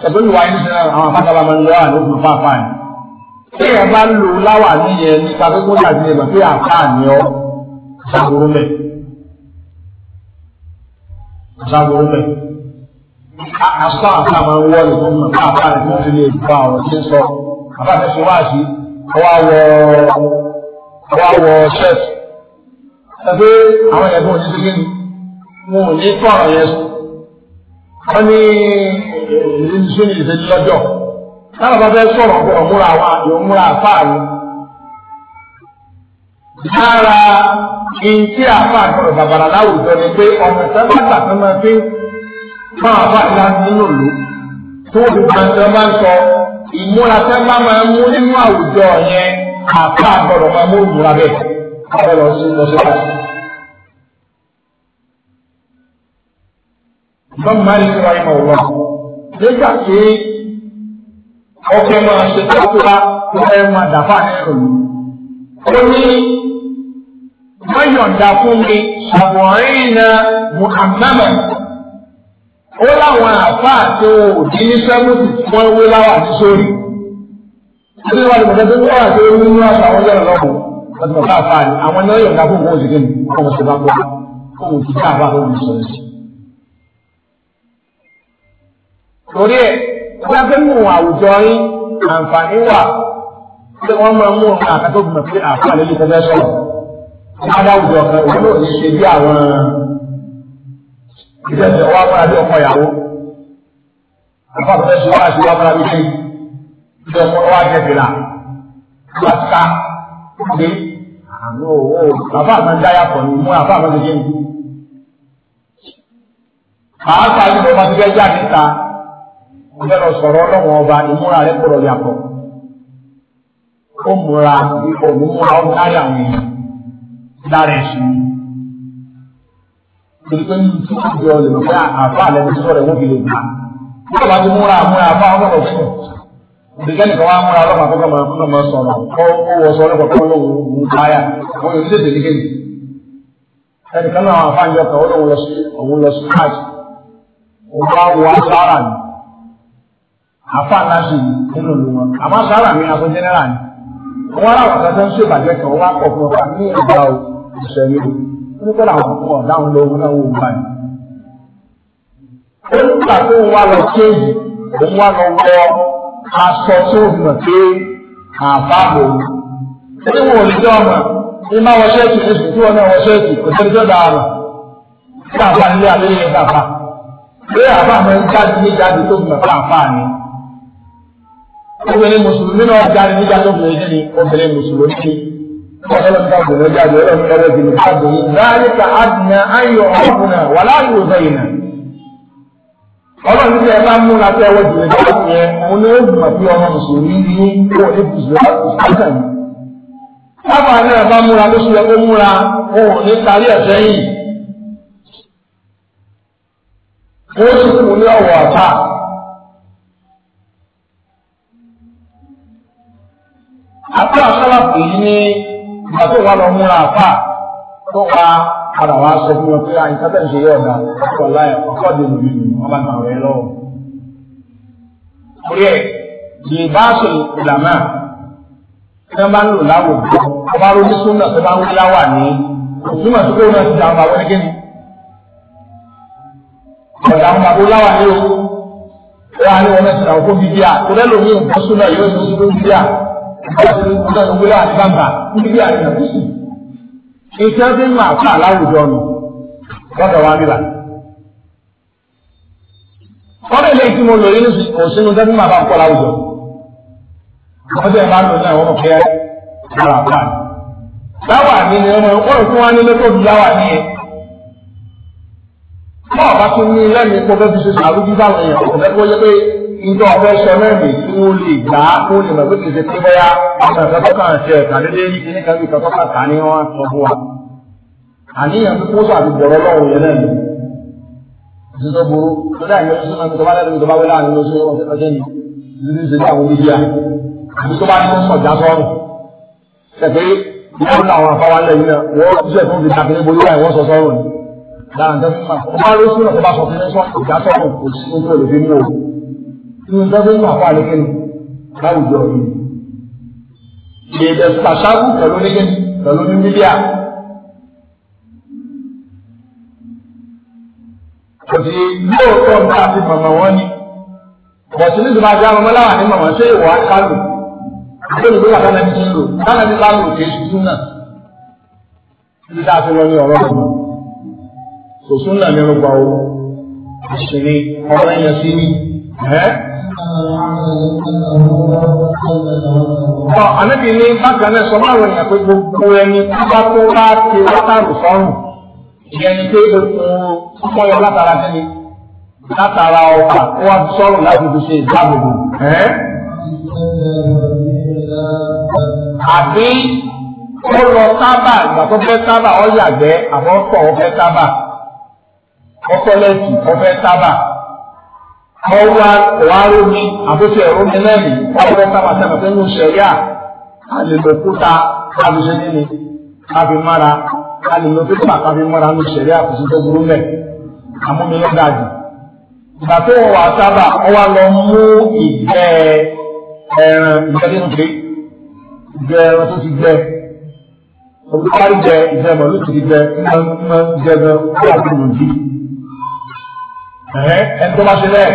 Ṣẹ̀gbọ́n ìwà yìí ṣe àwọn àfà sábà máa ń lọ àná òfin fà fà ní. Ṣé ẹ bá ń lo láwà níyẹn nípa pé kó dàbí ẹ̀ pé àfà ni ọ́ ṣàgbóró mẹ́. Ṣàgbóró mẹ́. Àṣà pé àwọn ẹ̀gbọ́n ò ní ṣe kíni wọn ò ní tọ́ ọ̀rọ̀ yẹn sùn. wọ́n ní ìrísí ní ìṣẹ́jú lọ́jọ́ náà bá fẹ́ sọ̀rọ̀ pé ọ̀múra àwọn àti ọ̀múra àfáàní. lára ìyí tí àfáàní ọ̀rọ̀ bàbàrà láwùjọ ni pé ọmọ ìtẹ́gbàgbà tó máa fi fún àfáàní láti nínú ìlú tó o gbà tí wọ́n bá ń sọ ìmúra tẹ́ bá máa mú nínú àwùjọ yẹn àfáàní ọ̀rọ̀ máa mú ìmúra bẹ́ẹ̀ ọ̀rọ̀ lọ sí lọ sí láti. Ìbọn máa ń ṣe ra ìmọ̀ wọ̀. Nígbà tí ọkẹ́ máa ṣe tábúlá tó fẹ́ máa dàfà nínú mi. Ó ní wọ́n yọ̀ǹda fún mi ṣàbọ̀rin na Muhammed. Ó láwọn àfáà tó òdì ní sẹ́mùtì tí wọ́n wé láwà sórí. Ó ní wàlúùmọ̀tẹ́ tó wà tó ń mú àtàwọn yọ̀rọ̀ lọ́kùnrin ọdún ọ̀gá àfa ni àwọn ni wọ́n yọ̀ǹda fún òun òṣèké ni wọ́n mọ̀ sí bá pọ̀ fún òun kíkà àfa fún òun sọ̀rọ̀ sí. torí ẹ̀ lábẹ́ mú àwùjọ yín àǹfààní wà pé wọ́n máa mú ọ̀gá àkàtọ́ gbìmọ̀ pé àfa lè lè fẹ́ fẹ́ sọ̀rọ̀ ìbáda àwùjọ kan òun náà ní ṣe bí àwọn ìjẹ́sẹ̀ wá fara bí ọkọ ìyàwó àfa fẹ́ sọ wá sí wá fara bí ṣe ìjọ ọkọ wá jẹ fìlà wá ká ọdún àwọn owó àbá àmọ́ dáyà pọ̀ ní mú àbá àmọ́ gẹ́gẹ́ ní. pàápàá ní bọ́ọ̀mọ́ ti fẹ́ yá níta ọjọ́ lọ sọ̀rọ̀ ọlọ́wọ́n ọba ìmúra rẹ̀ gbọ́dọ̀ yàtọ̀ ó múra òmúmúra ó dárí àwọn èèyàn lára ẹ̀sùn mi. torí ní tí wọ́n lè gbé àbá àlẹ́ mi sọ̀rọ̀ fi lè gbà. bí wọ́n ti múra àmúra àbá ọlọ́wọ́ fún un ìdíkẹ́ni kan wá ń múra ọlọ́pàá kọ́kọ́ máa fún ọmọ sọ̀rọ̀ kọ́ ó wọ sọ ọlọ́pàá kọ́ lóun mú báyà wọ́n yóò tètè ní kéde ẹnìkan náà àwọn afáàjọ kan ó lọ sí òun lọ ó bá wọ sára ni afáà náà sì nínú ìlú wọn àmọ́ sára mi aṣọ jẹ́nẹ́rà ni wọ́n rà wọ́n tẹ́tẹ́ ń ṣe kan wọ́n á pọ̀ fún ọkọ ní ìgbà ìṣẹ̀lú òun wá lọ wọ́ aṣọ tó mọ̀ pé àbábò ní wọn ò lè jọ ọmọ ní máa wọṣẹ́ ètò oṣù tí wọn náà wọṣẹ́ ètò kò tẹ́lẹ̀ tó dáa rẹ̀ kí àbá nílé abẹ́lé yẹn bàbá pé àbá mi ń jáde ní jáde tó mọ̀ pé àbá ni. obìnrin mùsùlùmí náà jáde ní jáde obìnrin yìí ni obìnrin mùsùlùmí ni ọlọ́run ká obìnrin jáde ọlọ́run ká obìnrin jáde. láyé ọlọ́run tẹ ẹ bá múra tẹ ẹwọ́ jùlọ ìgbà yẹ òun ló gbà pé ọmọ mùsùlùmí ní kó o ní kùsùlùmí. sábà náà bá múra tó ṣe kó múra òun ní kárí ẹ̀fẹ́ yìí. ó sì kú ní ọ̀wọ̀ àtà. àtà sábà pè é ní ìgbà tó wà lọ múra àtà tó wà padà wá sọ fún wọn pé àyíká bẹ́ẹ̀ ṣe yọ̀ ọ̀dà ọkọ̀ láyà ọkọ̀ dé lórí mi wọn bá gbàwé lọ́wọ́. Orí ẹ̀ lè bá sọ tí wọ́n bá ń lò láwùjọ ọba ronú súnà tó bá ń wí láwà ní òtúmọ̀ tó kéwọn náà ti dàrú àwọn ẹgbẹ́ ni. Ọ̀dà àwọn bàbá láwà ní o wọ́n á ní wọn mẹ́sàn-án òkú bíbí à kò lẹ́lò mí nǹkan súnà yóò ní ojú bíbí à ọ̀dà tó ètò ẹbí ń máa fà láwùjọ nù lọ́dọ̀ wa bíbà. ọ̀rẹ́ ilé tí mo lò yín òsínú tẹ́bí ụzọ bá ń kọ́ láwùjọ. na ìbá lò náà wọ́n fẹ́ ara pa. láwà mi ni ọmọ ìwọ́n fún wa nílé tó di láwà ní ẹ. bọ́ọ̀ bá tún ìjọ ọ̀fẹ́ sọ náà lè kí lè gbà á kó lè mọ̀ pé ṣe pé bọ́yá àwọn ìkẹ́kọ̀ọ́ kan ṣe ẹ̀ka lélẹ́ rí kí níkan bí ìkẹ́kọ̀ọ́ kan kà ní wọ́n sọ fún wa. àníyàn tó kó sàbí bọ̀rọ̀ lọ́wọ́ yẹn náà ni. ìṣe tó burú lórí àyè náà tó bá lẹ́nu tó bá wẹ́ láàrin oṣù ọ̀sẹ̀ ní ìlú ìṣe àwọn oníṣẹ́ àbí tó bá ní sọ̀ já sọ́run. ṣẹ̀fẹ̀ ìyàwó àwọn afáwálẹ̀ yìí náà wọ́n nínú sẹ́gun kan fún àlékẹ́ni láwùjọ yìí. Ìdè pàṣáwù pẹ̀lú oníkẹ́ni pẹ̀lú ní mídíà. Kòtì lóòótọ́ nǹkan àti màmá wọn ni. Bọ̀sí ní ìdìbò àjọ àwọn ọmọláwà ní màmá ṣé ìwà kálù. Àbẹ̀lẹ̀ ìgbéga kan ẹni tí ń lò, kan ẹni bá lò kéṣù tún náà. Ibi tá a ti wọlé ọ̀rọ̀ ọ̀gbìn. Kò sún náà ní ọgbà owó. Àṣìní ọ̀rọ̀ ẹ̀yẹ sí ní. Ọ̀ ànábì ní bákan náà sọ márùn èèyàn pé gbogbo ẹni bá tó bá ti látàrù sọ́rùn. Ìyẹn ni pé okùn ọyọ látara kẹ́ni látara ọkà ó wá fi sọ́rùn láti fi ṣe ìdáàbòbò. Àbí ó lọ tábà ìgbà tó fẹ́ tábà ó yàgbẹ́ àmọ́ pọ̀ ó fẹ́ tábà. Ó tọ́lẹ̀tì ọwọ́ ọ̀hárò ní àtúnṣe ẹ̀rọ mi náà ní ọwọ́ sábàtàbà tó ń ṣẹ̀yà àlèlòkúta àtúnṣe nínú káfí mára àlèlòkúta káfí mára ní ṣẹ̀yà àtúnṣe tó burú mẹ́ àmúmilọ́dàjì. ìgbà tó wọ́n wà sábà ọwọ́ lọ mú ìgbẹ́ ẹran ìgbẹ́dínké ìgbẹ́ ẹran tó ti gbẹ olùkọ́ àríjẹ ìgbẹ́ mọ̀lú ti gbẹ ń gbẹ gbẹ ó wà ẹn tó bá ṣe bẹ́ẹ̀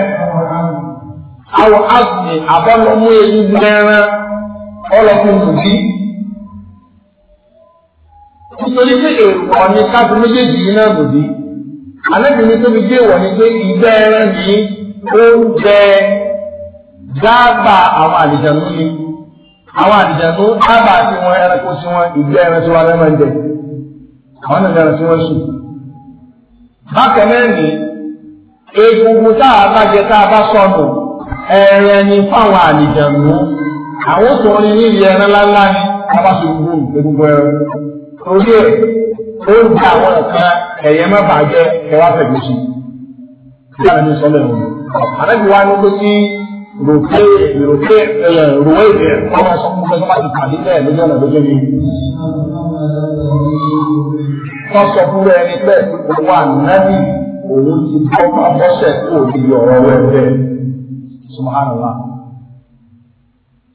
awọ azùnì abọ́lọ́mú èyí mẹ́rin ọlọ́kùn òbí nítorí pé èrò ọ̀ni káfí méjèèjì yìí náà lòdì alẹ́bìnrin tó fi dé ìwọ̀ ni pé ìgbẹ́ ẹran ní oúnjẹ dáàbà àwọn àlìjànú ni àwọn àlìjànú dáàbà tí wọ́n ẹranko sí wọn ìgbẹ́ ẹran tí wọ́n alẹ́ máa ń jẹ àwọn nàìjíríà tí wọ́n sùn. bákan náà nìyí egungun tá a bá jẹ tá a bá sọnù ẹrẹ ni fáwọn àlìjẹ̀nù àwọn tó ní ní ìyẹn ńláńlá ni a bá sọ gbogbo egungun ẹrẹ torí ẹ ó ń gba àwọn nǹkan ẹ̀yẹ má bàjẹ́ ẹ wá fẹ̀ lóṣù kí á ní sọlẹ̀ wọn. àrẹ́bí wa ní pé kí ròkè ròkè ròwé ìdè ọmọ ẹ̀sọ́ fún mi lọ́wọ́ ti pàdé bẹ́ẹ̀ lójú ọ̀nà lójú mi. wọ́n sọ fún ẹni bẹ́ẹ̀ kó wà nábì òun ti bọ́pà bọ́sẹ̀ kó o ti yọ ọ̀rọ̀ wẹ́wẹ́ subhanallah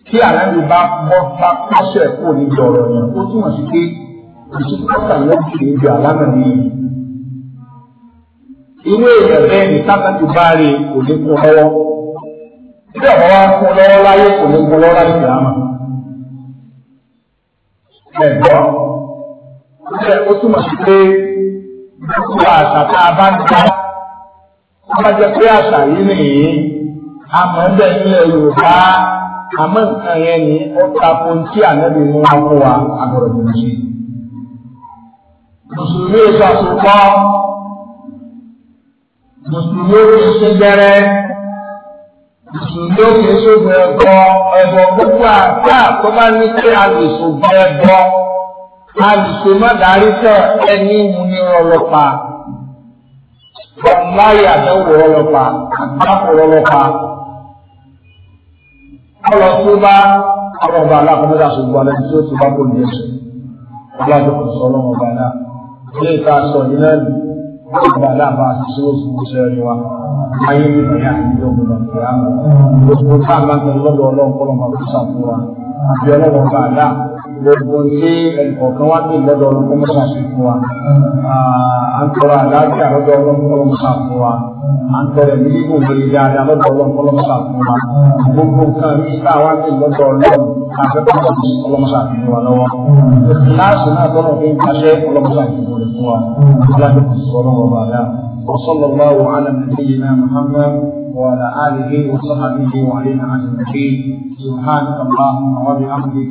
kí àlàyé bá bọ́pà bọ́sẹ̀ kó o níbi ọ̀rọ̀ yẹn ó túmọ̀ sí pé ìṣùpọ̀tà yẹn kì í di àlámà nìyí irú èèyàn bẹ́ẹ̀ ní sábà ti bá rí kò ní kún lọ́wọ́ bí ọ̀rọ̀ wa kún lọ́wọ́ láyé kò ní kún lọ́wọ́ láyé kìlámà ẹ̀gbọ́n ó túmọ̀ sí pé gbogbo àṣà tá a bá ń dá wọ́n bá jẹ́ pé àṣà yìí nìyí àmọ́ ń bẹ̀ nílẹ̀ Yorùbá àmọ́ nǹkan yẹn ni ó tako tí ànábì mú wá fún wa agbọ̀rọ̀ tó ń mùsùlùmí ò sàṣùpọ̀ mùsùlùmí ò kì ṣe gbẹrẹ mùsùlùmí ò kì ṣe gbẹrẹ gbọ ẹbọ gbogbo àgbà tó bá ní pé a lè ṣògbẹ ẹbọ azùmọ̀dárítọ̀ ẹni ìmúni ọlọ́pàá wàláyé àdánwò ọlọ́pàá àgbàpọ̀ ọlọ́pàá ọlọ́ tó bá ọlọ́ba alákọ̀ọ́dá ṣùgbọ́n ẹni tí ó ti bá kó lè sùn ọlọ́dún kò sọ ọlọ́wọ́ ọba náà ilé ìta sọ yìí náà ni ọba aláàbá àti sọ́wọ́ fún iṣẹ́ rẹ wa ayé nínú yà ní ìjọba ìgbà ìyá mi gbogbo táwọn máa ń lọ́dọ̀ ọlọ́ọ̀kọ́ lọ́mọ gbogbo ṣé ẹnìkọ̀ọ̀kan wá sí ìlọ́dọ̀ ọ̀run kó mọ́ṣá sí fún wa à ń tọrọ àlàáfíà lọ́dọ̀ ọlọ́run kó mọ́ṣá fún wa à ń tọrọ ẹ̀mí ní gbogbo ìdáadáa lọ́dọ̀ ọlọ́run kó mọ́ṣá fún wa gbogbo nǹkan ní ìta wá sí ìlọ́dọ̀ ọlọ́run àfẹ́kọ̀ọ́ ọlọ́mọṣá fún fún wa وعلى آله وصحبه وعلينا أجمعين سبحانك اللهم وبحمدك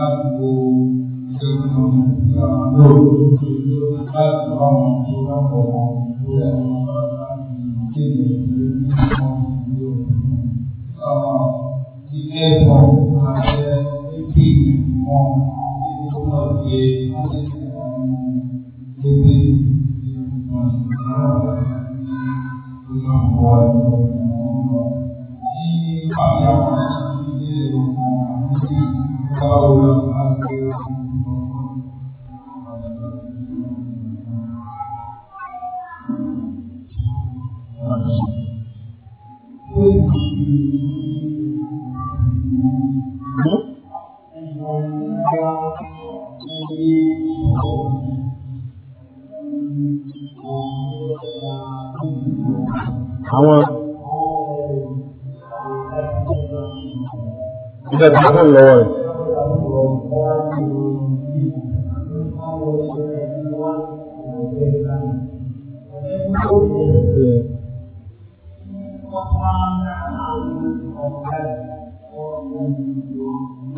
รับดูสิ่งหนึ่งอย่างรู้คือพระองค์ทรง cơ thể con người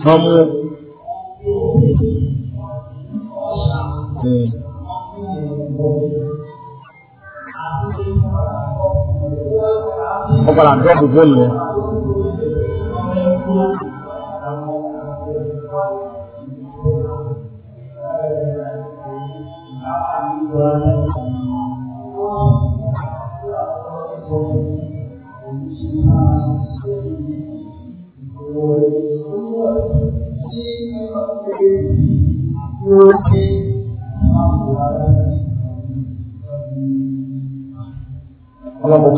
không ừ. không có làm cho một quân nữa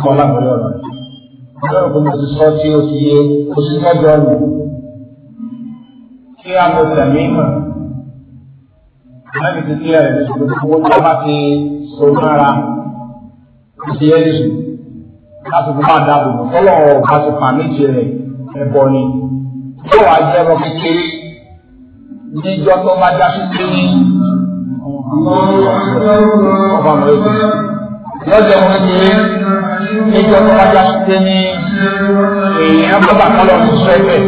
kọ́ lábọ́lé ọ̀rọ̀ rẹ̀. Ọlọ́run kò mọ̀ sí sọ́ tí ó ti yé kò sí tọ́jú ọ̀nà. Kí a mọ̀ tẹ̀mí mọ̀. Láti ti kílẹ̀ rẹ̀ lóṣù tó kọ́ tó bá ti so mára. Kò sí yẹ́ lóṣù. Láti máa dáàbò bò. Tọ́lọ̀ ọ̀gá ti fà méje rẹ̀ ẹ̀bọ ni. Tó wàá jẹ́ ẹbọ kékeré. Níjọ́ tó bá já sí kékeré. Ọba mọ̀ ẹ́ lọ́jọ́ wọn ni níjọ́ tó bá yàtọ̀ pé ní èèyàn bábà kọ́lọ̀ ní sọ ẹgbẹ́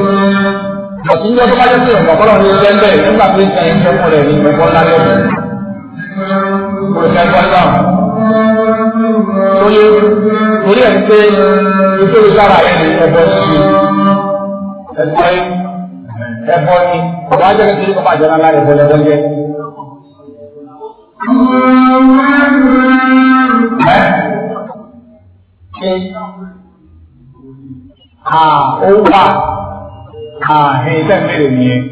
ọ̀sìn níjọ́ tó bá yàtọ̀ pé kọ́lọ̀ ní sọ ẹgbẹ́ nígbà pé ìtàn ìjọ fún rẹ̀ ní ìgbẹ́kọ́ lálẹ́ rẹ̀ olùkọ́ ẹ̀kọ́ náà lórí orí ẹ̀ pé ìjọ ìsára ẹ̀ ní ẹ̀bọ sí ẹ̀bọ ẹ̀bọ ni ọ̀bá jẹ́ ó wà ẹ̀yìn tẹ̀mẹ́rẹ̀ nìyẹn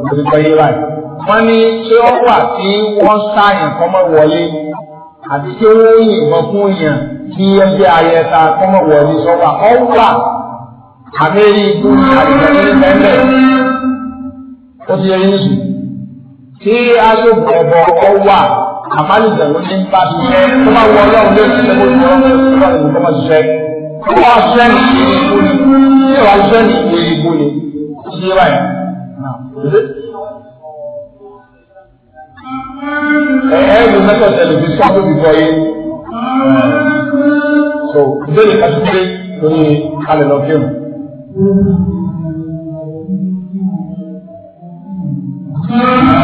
mo ti gbọ́ yé báyìí. wọ́n ní ṣé ó wà tí wọ́n sá nǹkan mọ́ wọlé àti ṣé ó yìnbọn fún yàn kí ẹgbẹ́ ayẹta kọ́ mọ́ wọlé sọ́wọ́ ó wà àmẹ́rí ikú àtìlẹ́yìn mẹ́lẹ̀ ó ti yẹ yín sùn. tí aṣọ bọ̀bọ̀ ọ wà àbálùjẹ ló ní bá ti fẹ́ tó bá wọ ọlọ́run ló ti fẹ́ ní ọlọ́run ló ti fẹ́ kó máa ṣiṣẹ́ kó wá ní ìwé ìbò ni kí wá ní ìwé ìbò ni ṣe é ẹ ẹ ló mẹ́tọ̀ tẹ̀lé fi sọ́ọ́ tóbi bọ̀ yé so ìbéèrè kan lórí alẹ́ lọ fíìmù. Thank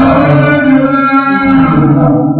you.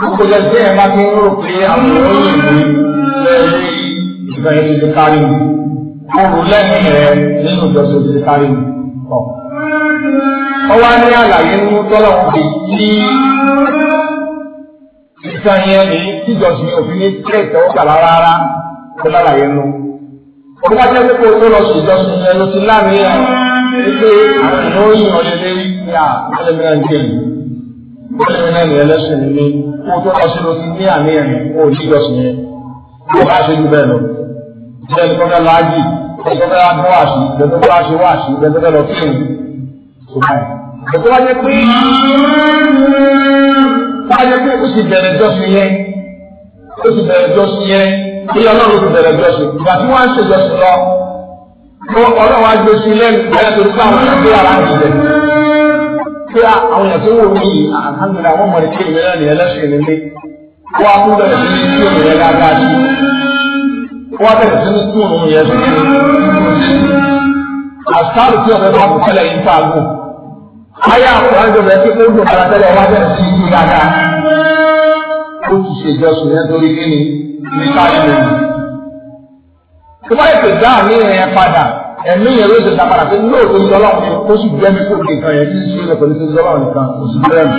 gbogbo jẹ sí ẹ̀ máa fi ń rò pé àwọn olóyìnbó lẹ́yìn ìgbà yẹn ti fi kárí mi oòrùn lẹ́yìn rẹ̀ nínú ìjọsìn ti fi kárí mi pọ̀. ó wá ní àlàyé ní tọ́lọ̀ pé kí ìtàn yẹn ní tíjọsìn òfin ní tẹ̀sán ó gbà rárá ó lálàyé nù. Olúwa jẹ́ pé kó o tó lọ sí ìjọsìn yẹn ló ti láàrin ẹ̀ pé àwọn ìnáwó yìí ọ̀lẹ́lẹ́ ní àlẹ́ mìíràn jẹ́ yìí bẹ́ẹ̀ náà ní ẹlẹ́sìn nílé kó tó lọ sínú ti ní àní ẹ̀rìn kó yí lọ́sìn yẹn kó bá ṣe jù bẹ́ẹ̀ lọ. Ìjẹ́ ẹni tó fẹ́ láàjì, ẹni tó fẹ́ bọ́ àṣì, ẹni tó fẹ́ ṣe wáṣì, ẹni tó fẹ́ lọ kí ni. Ètò wá jẹ́ pé wá jẹ́ pé ó sì bẹ̀rẹ̀ jọ́sìn yẹn, ó sì bẹ̀rẹ̀ jọ́sìn yẹn, bí ọlọ́run ti bẹ̀rẹ̀ jọ́sìn, ìgbà tí wọ́n ń ṣèjọ́sìn lọ, ọlọ́run á gbé sí lẹ́nu, ẹ̀rẹ́ pé àwọn èèyàn tó wò mí yìí alhamdulilayi wọ́n mọ̀ ní kí èmi náà nìyẹn lẹ́sìn ní mi kó wá tó bẹ̀rẹ̀ sí ní kí èmi yẹn dáadáa sí kó wá bẹ̀rẹ̀ sí ní kí òun yẹn sí ní. àṣàrò tí ọ̀rẹ́ bá kú tẹ́lẹ̀ yìí fà gùn ayé àkùrọ̀ ẹ̀jọ̀ rẹ̀ pé ó dùn kára tẹ́lẹ̀ wá bẹ̀rẹ̀ sí ní dáadáa ó ti ṣe ìjọsìn yẹn torí kí ni ní káyọ̀ lónìí. tó bá yẹ ẹ̀mí yẹn ló ṣe ta padà pé lóòótọ́ ń dọ́là òun ó sì jẹ́ mi kó lè kan yẹn tí ń ṣe pẹ̀lú ṣe dọ́là òun kan ó sì bẹ́ẹ̀ mi.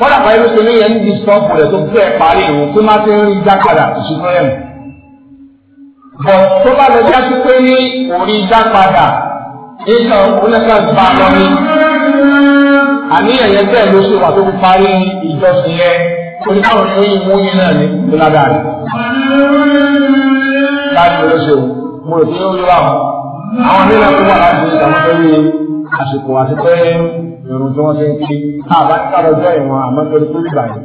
kọ́dà pàyẹ́ ló ṣe léyìn ẹni di sọ́ọ̀pù rẹ̀ tó fẹ́ parí ìwò tó má ti ń rí dá padà kò sí bẹ́ẹ̀ mi. bọ̀ tó bá lọ jásí pé ní orí dá padà nǹkan oníkà gbà lọ ni. àníyàn yẹn bẹ́ẹ̀ ló ṣe wà tó fi parí ìjọsìn yẹn oníkàwọn yóò mú yín náà ní ìlàdà rẹ̀. láti ló ṣe wò mo rò pé ó yọ àwọn àwọn ilé ẹ̀kọ́ wà láti ìdàgbàsórí àsìkò àti pé ìrùn tí wọ́n ti ń kí àbá ti kára ọjọ́ ìwọ̀n àmọ́ torí tó dìgbà yìí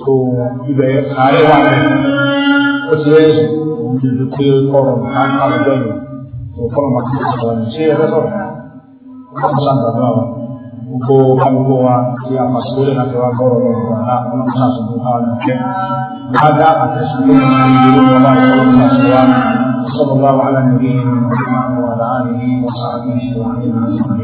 tó ibẹ̀ àárẹ̀ wà lẹ́yìn ó ti lé ìdìbò pé kọ̀rọ̀ láti kára ọjọ́ ìwọ̀n tó kọ́rọ̀ máa ti lè sọ̀rọ̀ ní ṣé ẹgbẹ́ sọ̀rọ̀ ọmọ sàgbàgbà wa gbogbo kálukú wa ti àpàṣẹ láti wá gbọ́rọ̀ lọ́wọ́ wa ọlọ́mọ sàṣùgbọ́n káwọn nìkẹ́ وصلى الله على نبينا محمد وعلى اله وصحبه اجمعين